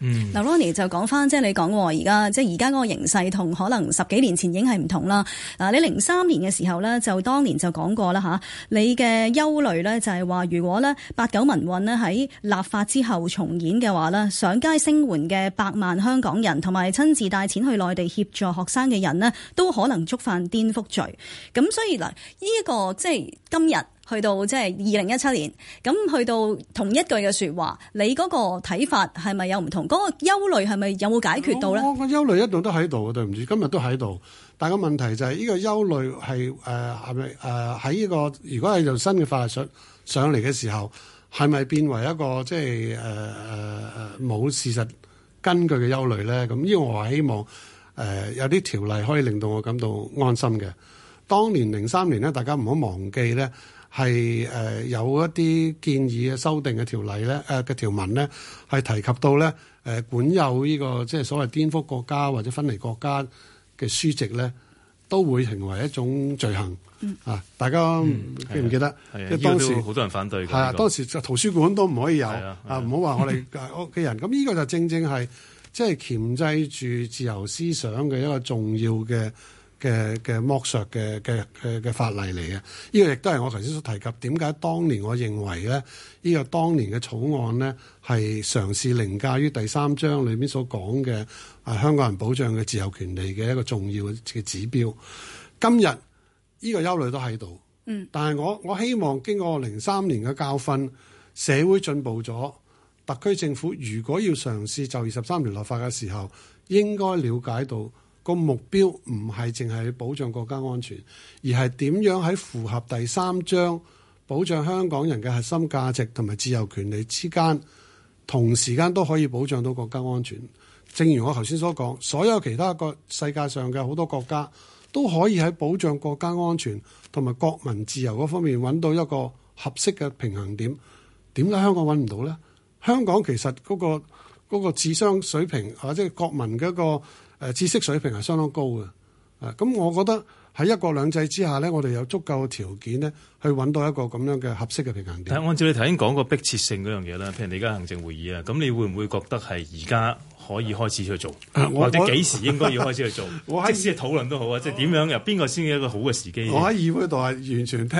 嗯，Ronnie 就講翻即係你講喎，而家即係而家嗰個形勢同可能十幾年前已經係唔同啦。嗱，你零三年嘅時候咧，就當年就講過啦嚇，你嘅憂慮咧就係話，如果咧八九民運呢喺立法之後重演嘅話咧，上街聲援嘅百萬香港人同埋親自帶錢去內地協助學生嘅人呢，都可能觸犯顛覆罪。咁所以嗱，呢個即係今日。去到即係二零一七年，咁去到同一句嘅說話，你嗰個睇法係咪有唔同？嗰、嗰個憂慮係咪有冇解決到咧？我嘅憂慮一度都喺度，對唔住，今日都喺度。但係個問題就係、係、呢、呢個憂慮係誒係咪誒喺呢個？如果係有新嘅法律上上嚟嘅時候，係咪變為一個即係誒冇事實根據嘅憂慮咧？咁呢個我希望誒、呃、有啲條例可以令到我感到安心嘅。當年零三年咧，大家唔好忘記咧。係誒、呃、有一啲建議嘅修訂嘅條例咧，誒、呃、嘅條文咧係提及到咧誒、呃，管有呢、這個即係所謂顛覆國家或者分離國家嘅書籍咧，都會成為一種罪行啊！大家、嗯、記唔記得？即、嗯、係、啊、當時好、啊這個、多人反對嘅。啊，當時就圖書館都唔可以有啊！唔好話我哋屋企人。咁 呢個就正正係即係鉗制住自由思想嘅一個重要嘅。嘅嘅剝削嘅嘅嘅嘅法例嚟嘅，呢個亦都係我頭先所提及點解當年我認為咧，呢個當年嘅草案咧係嘗試凌駕於第三章裏面所講嘅啊香港人保障嘅自由權利嘅一個重要嘅指標。今日呢個憂慮都喺度，嗯，但係我我希望經過零三年嘅教訓，社會進步咗，特區政府如果要嘗試就二十三條立法嘅時候，應該了解到。個目標唔係淨係保障國家安全，而係點樣喺符合第三章保障香港人嘅核心價值同埋自由權利之間，同時間都可以保障到國家安全。正如我頭先所講，所有其他世界上嘅好多國家都可以喺保障國家安全同埋國民自由嗰方面揾到一個合適嘅平衡點。點解香港揾唔到呢？香港其實嗰、嗰個嗰個智商水平或者係國民嘅、嗰、一個。誒、呃、知識水平係相當高嘅，啊咁，我覺得喺一國兩制之下咧，我哋有足夠條件咧，去揾到一個咁樣嘅合適嘅平衡點。但按照你頭先講個迫切性嗰樣嘢啦，譬如你而家行政會議啊，咁你會唔會覺得係而家可以開始去做，啊、或者幾時應該要開始去做？我即使係討論都好啊，即係點樣由邊個先至一個好嘅時機？我喺議會度係完全聽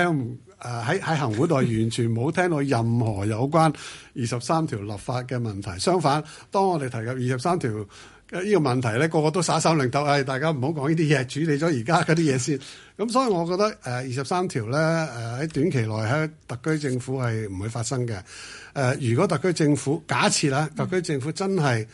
誒，喺喺行會度係 完全冇聽到任何有關二十三條立法嘅問題。相反，當我哋提及二十三條。呢、這個問題咧，個個都耍手擰頭，係、哎、大家唔好講呢啲嘢，處理咗而家嗰啲嘢先。咁所以我覺得誒二十三條咧，誒、呃、喺、呃、短期內喺特區政府係唔會發生嘅。誒、呃、如果特區政府假設啦，特區政府真係誒、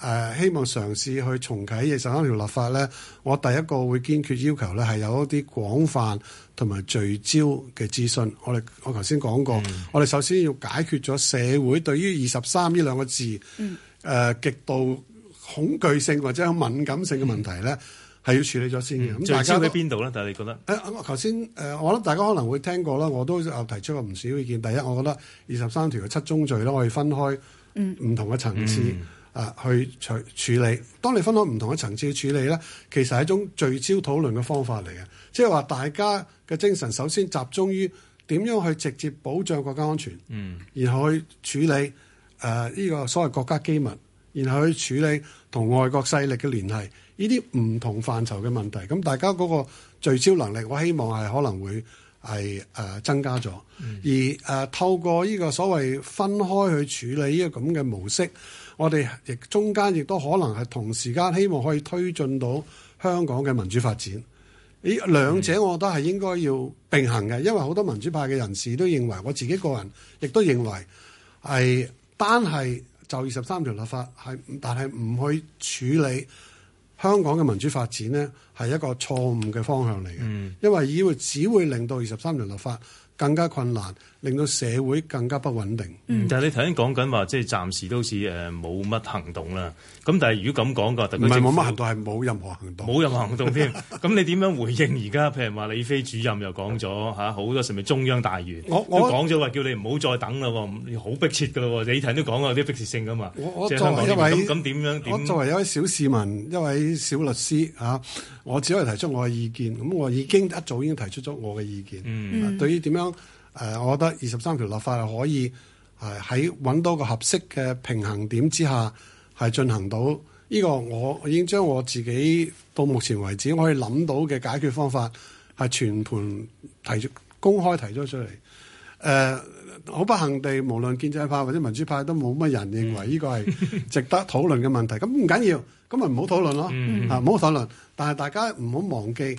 呃、希望嘗試去重啟二十三條立法咧，我第一個會堅決要求咧係有一啲廣泛同埋聚焦嘅諮詢。我哋我頭先講過，嗯、我哋首先要解決咗社會對於二十三呢兩個字誒極、呃、度。恐懼性或者有敏感性嘅問題咧，係、嗯、要處理咗先嘅。咁、嗯、大家喺邊度咧？但係你覺得？誒，頭先我諗大家可能會聽過啦。我都提出過唔少意見。第一，我覺得二十三條嘅七宗罪咧，我哋分開唔同嘅層次、嗯、啊去處理、嗯。當你分開唔同嘅層次去處理咧，其實係一種聚焦討論嘅方法嚟嘅。即係話大家嘅精神首先集中於點樣去直接保障國家安全，嗯，然後去處理誒呢、呃呢個所謂國家機密，然後去處理同外國勢力嘅聯繫，呢啲唔同範疇嘅問題，咁大家嗰個聚焦能力，我希望係可能會係增加咗、嗯。而誒透過呢個所謂分開去處理呢個咁嘅模式，我哋亦中間亦都可能係同時間希望可以推進到香港嘅民主發展。誒兩者，我覺得係應該要並行嘅，因為好多民主派嘅人士都認為，我自己個人亦都認為係、呃、單係，就二十三條立法係，但係唔去處理香港嘅民主發展咧，係一個錯誤嘅方向嚟嘅。嗯，因為議會只會令到二十三條立法更加困難。令到社會更加不穩定。嗯、但係你頭先講緊話，即、就、係、是、暫時都好似誒冇乜行動啦。咁但係如果咁講嘅話，唔係冇乜行動，係冇任何行動，冇任何行動添。咁 你點樣回應而家？譬如話李飛主任又講咗嚇好多，甚至中央大員我我都講咗話，叫你唔好再等啦喎，好迫切嘅咯喎。你頭都講啊，啲迫切性嘅嘛。我我作為一位，咁點樣點？作為一,一位小市民，一位小律師嚇，我只可以提出我嘅意見。咁我已經一早已經提出咗我嘅意見。嗯，對於點樣？誒，我覺得二十三條立法係可以誒喺揾到個合適嘅平衡點之下，係進行到呢個。我已經將我自己到目前為止可以諗到嘅解決方法係全盤提出，公開提出出嚟。誒，好不幸地，無論建制派或者民主派都冇乜人認為呢個係值得討論嘅問題。咁唔緊要，咁咪唔好討論咯。啊，唔好討論。但係大家唔好忘記。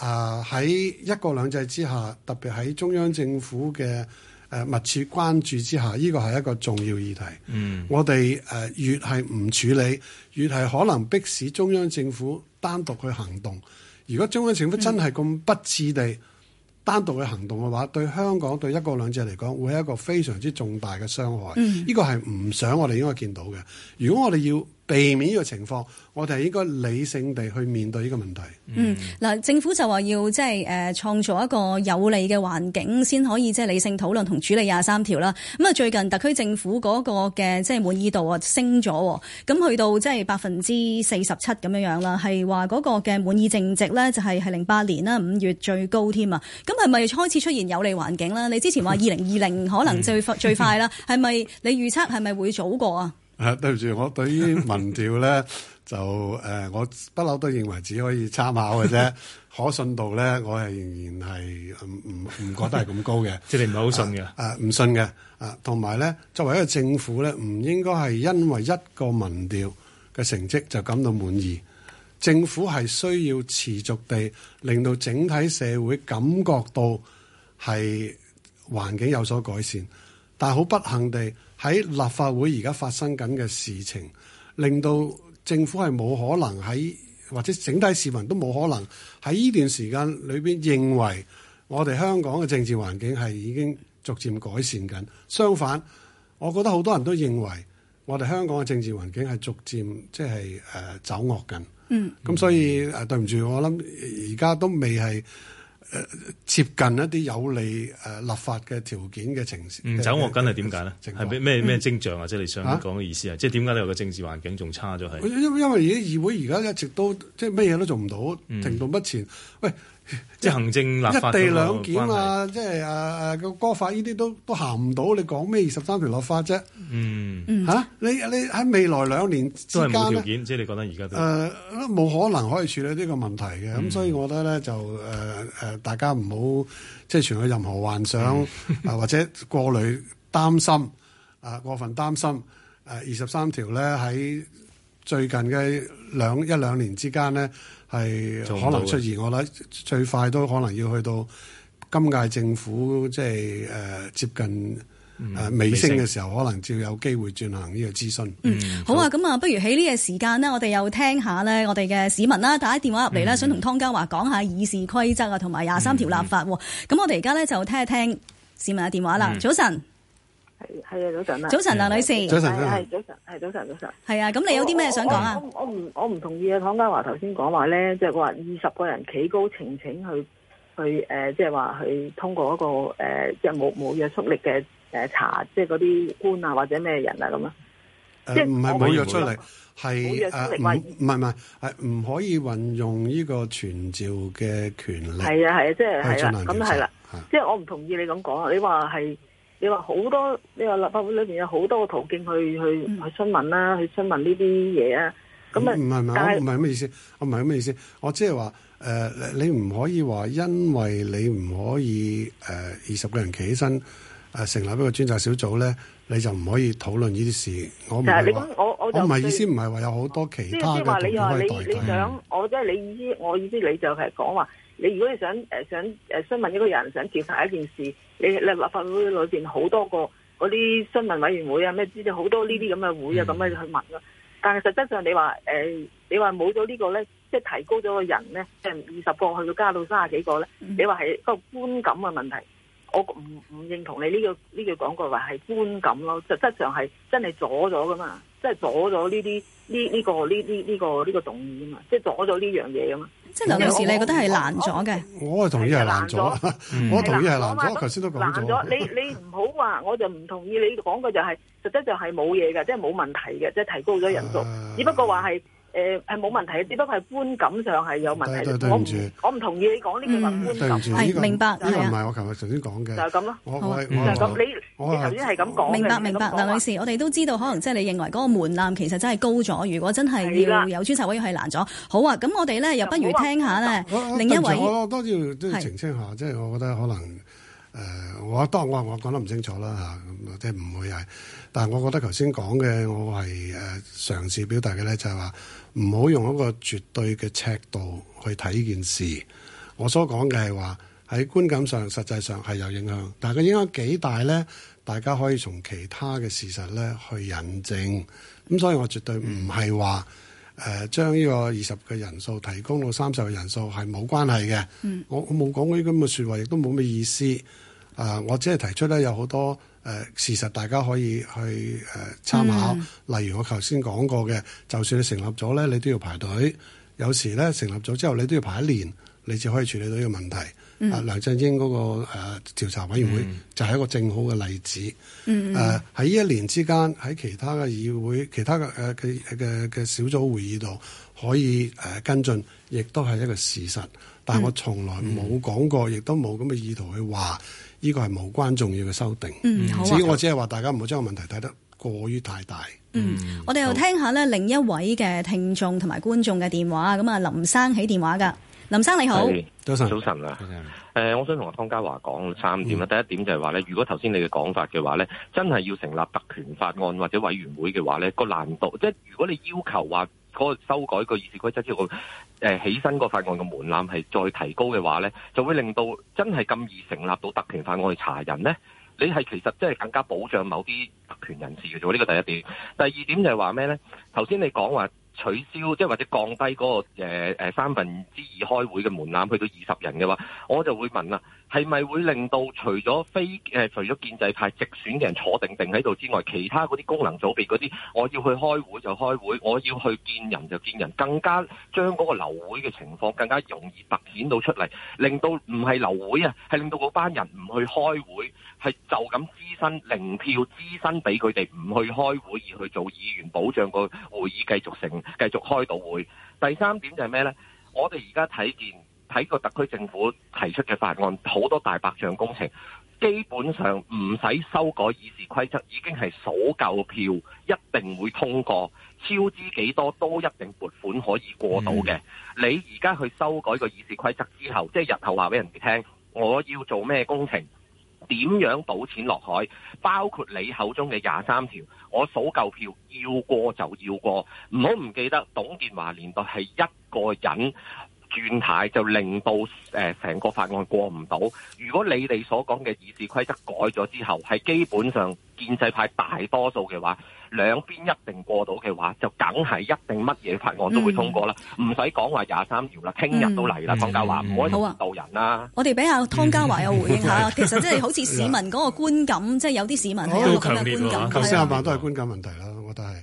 啊、呃！喺一國兩制之下，特別喺中央政府嘅、呃、密切關注之下，呢個係一個重要議題。嗯，我哋、呃、越係唔處理，越係可能迫使中央政府單獨去行動。如果中央政府真係咁不智地單獨去行動嘅話、嗯，對香港對一國兩制嚟講，會係一個非常之重大嘅傷害。呢個係唔想我哋應該見到嘅。如果我哋要避免呢個情況，我哋應該理性地去面對呢個問題。嗯，嗱、嗯，政府就話要即係誒創造一個有利嘅環境，先可以即係理性討論同處理廿三條啦。咁啊，最近特區政府嗰個嘅即係滿意度啊升咗，咁去到即係百分之四十七咁樣樣啦，係話嗰個嘅滿意正值咧就係係零八年啦，五月最高添啊。咁係咪開始出現有利環境咧？你之前話二零二零可能最快最快啦，係咪，嗯，你預測係咪會早過啊？啊、對唔住，我對於民調咧， 就誒、啊，我不嬲都認為只可以參考嘅啫， 可信度咧，我係仍然係唔唔唔覺得係咁高嘅。即 你唔係好信嘅？誒、啊、唔、啊、信嘅。同埋咧，作為一個政府咧，唔應該係因為一個民調嘅成績就感到滿意。政府係需要持續地令到整體社會感覺到係環境有所改善，但係好不幸地，喺立法會而家發生緊嘅事情，令到政府係冇可能喺，或者整體市民都冇可能喺呢段時間裏邊，認為我哋香港嘅政治環境係已經逐漸改善緊。相反，我覺得好多人都認為我哋香港嘅政治環境係逐漸即係、就是呃、走惡緊。嗯，咁所以誒、嗯啊、對唔住，我諗而家都未係。誒、呃，接近一啲有利誒、呃、立法嘅條件嘅情，嗯、呃，走我梗係點解呢？係咩咩徵象啊？即係你想講嘅意思啊？即係點解你個政治環境仲差咗？係，因為因為而家議會而家一直都即係咩嘢都做唔到、嗯，停到不前。喂。即係行政立法一地兩檢啊！即係誒誒個《國、啊、歌法》呢啲都都行唔到，你講咩二十三條立法啫？嗯嚇、啊，你你喺未來兩年之間咧，即係你覺得而家誒冇可能可以處理呢個問題嘅，咁，嗯、所以我覺得咧就誒誒、呃、大家唔好即係存有任何幻想啊，嗯、或者過慮擔心啊、呃、過分擔心誒二十三條咧喺最近嘅兩一兩年之間咧。係可能出現我咧，最快都可能要去到今屆政府即係、呃、接近誒尾聲嘅時候，可能就有機會進行呢個諮詢。嗯，好啊，咁啊，不如喺呢個時間呢，我哋又聽下呢，我哋嘅市民啦打電話入嚟啦，想同湯家驊講下議事規則啊，同埋廿三條立法喎。咁、嗯嗯、我哋而家咧就聽一聽市民嘅電話啦、嗯。早晨。係啊，早晨啊，早晨，梁女士，早晨，係早晨，係早晨，早晨，係啊，咁你有啲咩想講啊？我唔我唔同意啊，湯家驊頭先講話咧，即係話二十個人企高情情去去誒，即係話去通過一個誒，即係冇冇約束力嘅誒查，即係嗰啲官啊或者咩人啊咁、呃、啊。即係唔係冇約束力，係誒唔唔係唔係誒唔可以運用呢個傳召嘅權力。係啊係啊，即係係啊，咁係啦，即係我唔同意你咁講啊，你話係。你話好多，你話立法會裏邊有好多個途徑去去去詢問啦，去詢問呢啲嘢啊，咁啊，唔係唔係，唔係咁嘅意思，我唔係咁嘅意思，我即係話誒，你唔可以話，因為你唔可以誒二十個人企起身誒成立一個專責小組咧，你就唔可以討論呢啲事，我唔係話，我唔係意思唔係話有好多其他嘅替代嘅。即係即係話你話你你想，我即係你意思，我意思你就係講話。你如果你想誒、呃、想誒詢、呃、問一個人，想調查一件事，你立立法會裏邊好多個嗰啲詢問委員會啊咩之類，好多呢啲咁嘅會啊，咁樣去問咯。Mm -hmm. 但係實質上你話誒、呃，你話冇咗呢個咧，即係提高咗個人咧，即係二十個去到加到卅幾個咧，mm -hmm. 你話係個觀感嘅問題，我唔唔認同你呢、這個呢句講句話係觀感咯，實質上係真係阻咗噶嘛。即係阻咗呢啲呢呢個呢呢呢個呢、呢個這個動議啊嘛，即係阻咗呢樣嘢啊嘛。即係劉女士、嗯，你覺得係難咗嘅？我嘅同意係難咗我同意係難咗。頭、嗯、先、嗯嗯、都講咗。難咗，你你唔好話，我就唔同意你講嘅就係、是，實質就係冇嘢嘅即係冇問題嘅，即、就、係、是、提高咗人數、啊，只不過話係。誒誒冇問題，只不過係觀感上係有問題。對唔住，我唔、嗯、同意你講呢句話觀感。係、這個、明白，係唔係我頭先頭先講嘅？就係咁咯。好啊、嗯，就係、是、咁。你頭先係咁講，明白明白，梁、呃、女士，我哋都知道，可能即係你認為嗰個門檻其實真係高咗。如果真係要有專責委員，係難咗。好啊，咁我哋咧又不如聽下咧、啊、另一位。我都要澄清下，即係我覺得可能誒、呃，我當我話我講得唔清楚啦吓，即係唔會係。但係我覺得頭先講嘅，我係誒嘗試表達嘅咧，就係話。唔好用一個絕對嘅尺度去睇呢件事。我所講嘅係話，喺觀感上，實際上係有影響，但係個影響幾大咧？大家可以從其他嘅事實咧去引證。咁所以我絕對唔係話誒將呢個二十嘅人數提供到三十嘅人數係冇關係嘅。嗯，我我冇講過呢咁嘅說話，亦都冇咩意思。啊、呃，我只係提出咧有好多。誒、呃、事實大家可以去誒、呃、參考、嗯，例如我頭先講過嘅，就算你成立咗咧，你都要排隊。有時咧成立咗之後，你都要排一年，你至可以處理到呢個問題。嗯呃、梁振英嗰、那個誒、呃、調查委員會就係一個正好嘅例子。誒喺呢一年之間，喺其他嘅議會、其他嘅誒嘅嘅小組會議度可以、呃、跟進，亦都係一個事實。但係我從來冇講過，亦都冇咁嘅意圖去話。呢、這個係無關重要嘅修訂，所、嗯、以、啊、我只係話大家唔好將個問題睇得過於太大、大。嗯，嗯我哋又聽下咧另一位嘅聽眾同埋觀眾嘅電話，咁啊，林生起電話噶，林生你好，早晨早晨啊，誒、呃，我想同阿湯家驊講三點啦、嗯，第一點就係話咧，如果頭先你嘅講法嘅話咧，真係要成立特權法案或者委員會嘅話咧，個難度即係如果你要求話。嗰、嗰個修改、個議事規則之後，誒、嗰個、起身個法案嘅門檻係再提高嘅話咧，就會令到真係咁易成立到特權法案去查人咧。你係其實真係更加保障某啲特權人士嘅啫。呢、呢個第一點，第二點就係話咩咧？頭先你講話。取消即係或者降低嗰、嗰個誒、呃、三分之二開會嘅門檻去到二十人嘅話，我就會問啦，係咪會令到除咗非、呃、除咗建制派直選嘅人坐定定喺度之外，其他嗰啲功能組別嗰啲，我要去開會就開會，我要去見人就見人，更加將嗰個流會嘅情況更加容易突顯到出嚟，令到唔係流會啊，係令到嗰班人唔去開會。係就咁資深零票資深俾佢哋，唔去開會而去做議員保障個會議繼，繼續成繼續開到會。第三點就係咩呢？我哋而家睇見睇個特區政府提出嘅法案，好多大白象工程，基本上唔使修改議事規則，已經係所夠票一定會通過，超支幾多都一定撥款可以過到嘅，嗯。你而家去修改個議事規則之後，即係日後話俾人哋聽，我要做咩工程？點樣賭錢落海？包括你口中嘅廿三條，我數夠票，要過就要過。唔好唔記得董建華年代係一個人。轉態就令到誒成、呃、個法案過唔到。如果你哋所講嘅議事規則改咗之後，係基本上建制派大多數嘅話，兩邊一定過到嘅話，就梗係一定乜嘢法案都會通過啦。唔使講話廿三條啦，聽日都嚟啦。嗯家啊啊、湯家驊唔可以同人鬥啦。我哋俾阿湯家驊有回應一下、嗯嗯嗯。其實即係好似市民嗰個觀感，即、嗯、係、就是就是、有啲市民好強烈。感。頭先阿伯都係觀感問題啦，我覺得係誒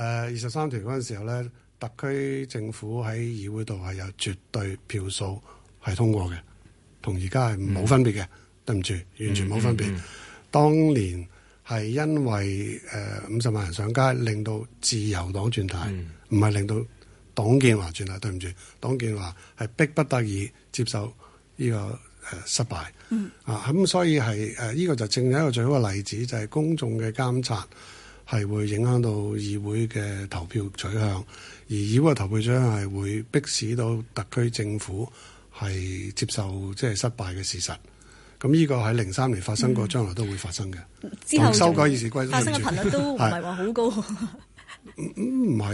二十三條嗰陣時候咧。特區政府喺議會度係有絕對票數係通過嘅，同而家係冇分別嘅、嗯。對唔住，完全冇分別。嗯嗯嗯、當年係因為誒五十萬人上街，令到自由黨轉軚，唔、嗯、係令到董建華轉軚。對唔住，董建華係迫不得已接受呢、這個誒、呃、失敗。嗯、啊，咁所以係誒呢個就正係一個最好嘅例子，就係、是、公眾嘅監察。係會影響到議會嘅投票取向，而議會嘅投票取向係會迫使到特區政府係接受即係失敗嘅事實。咁呢個喺零三年發生過，將來都會發生嘅、嗯。之後修改議事規則，但係個頻率都唔係話好高。 唔係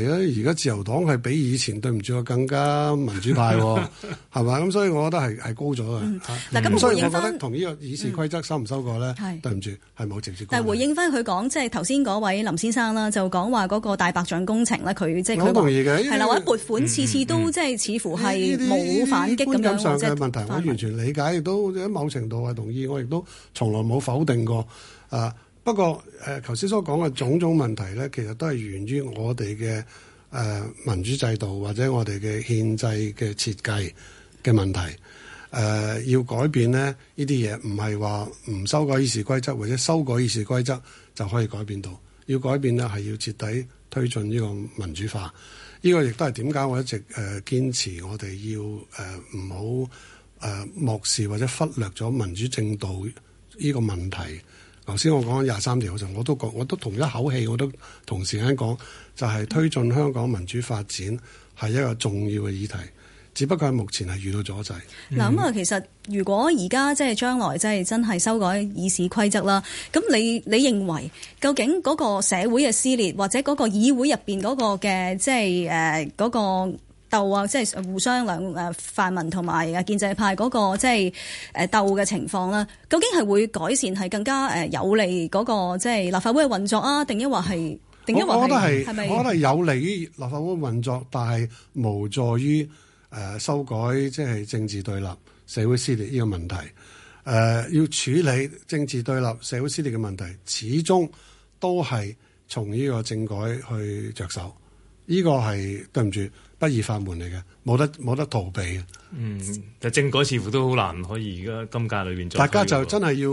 係啊！而家自由黨係比以前對唔住啊，更加民主派喎、啊，係嘛？咁所以我覺得係係高咗嘅。嗱咁，所以我覺得同呢、嗯嗯、個議事規則收唔收過呢？係、嗯、對唔住，係冇直接。但係回應翻佢講，即係頭先嗰位林先生啦，就講話嗰個大白象工程咧，佢即係我同意嘅，係啦，或者撥款次次都即係、嗯嗯、似乎係冇反擊咁樣，即上嘅問題，我完全理解，亦都某程度係同意。我亦都從來冇否定過啊。不過，誒頭先所講嘅種種問題咧，其實都係源於我哋嘅誒民主制度或者我哋嘅憲制嘅設計嘅問題。誒、呃、要改變咧，呢啲嘢唔係話唔修改議事規則，或者修改議事規則就可以改變到。要改變咧，係要徹底推進呢個民主化。呢、這個亦都係點解我一直誒、呃、堅持我哋要誒唔好誒漠視或者忽略咗民主政道呢個問題。頭先我講廿三條就，我都講，我都同一口氣，我都同時間講，就係推進香港民主發展係一個重要嘅議題，只不過係目前係遇到阻滯。嗱咁啊，其實如果而家即係將來即係真係修改議事規則啦，咁你你認為究竟嗰個社會嘅撕裂，或者嗰個議會入邊嗰個嘅即係誒嗰個鬥啊，即係互相兩誒，泛民同埋誒建制派嗰個即係誒鬥嘅情況啦。究竟係會改善，係更加誒有利嗰個即係立法會嘅運作啊？定一話係？我覺得係有利於立法會運作，但係無助於誒修改即係政治對立、社會撕裂呢個問題。誒，要處理政治對立、社會撕裂嘅問題，始終都係從呢個政改去着手。呢個係對唔住。不二法門嚟嘅，冇得冇得逃避嘅。嗯，就政改似乎都好難可以而家今屆裏邊做。大家就真係要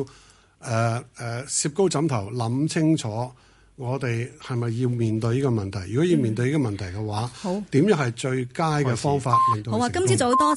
誒誒摺高枕頭，諗清楚，我哋係咪要面對呢個問題？如果要面對呢個問題嘅話，嗯、好，點樣係最佳嘅方法嚟到？好啊，今朝早多。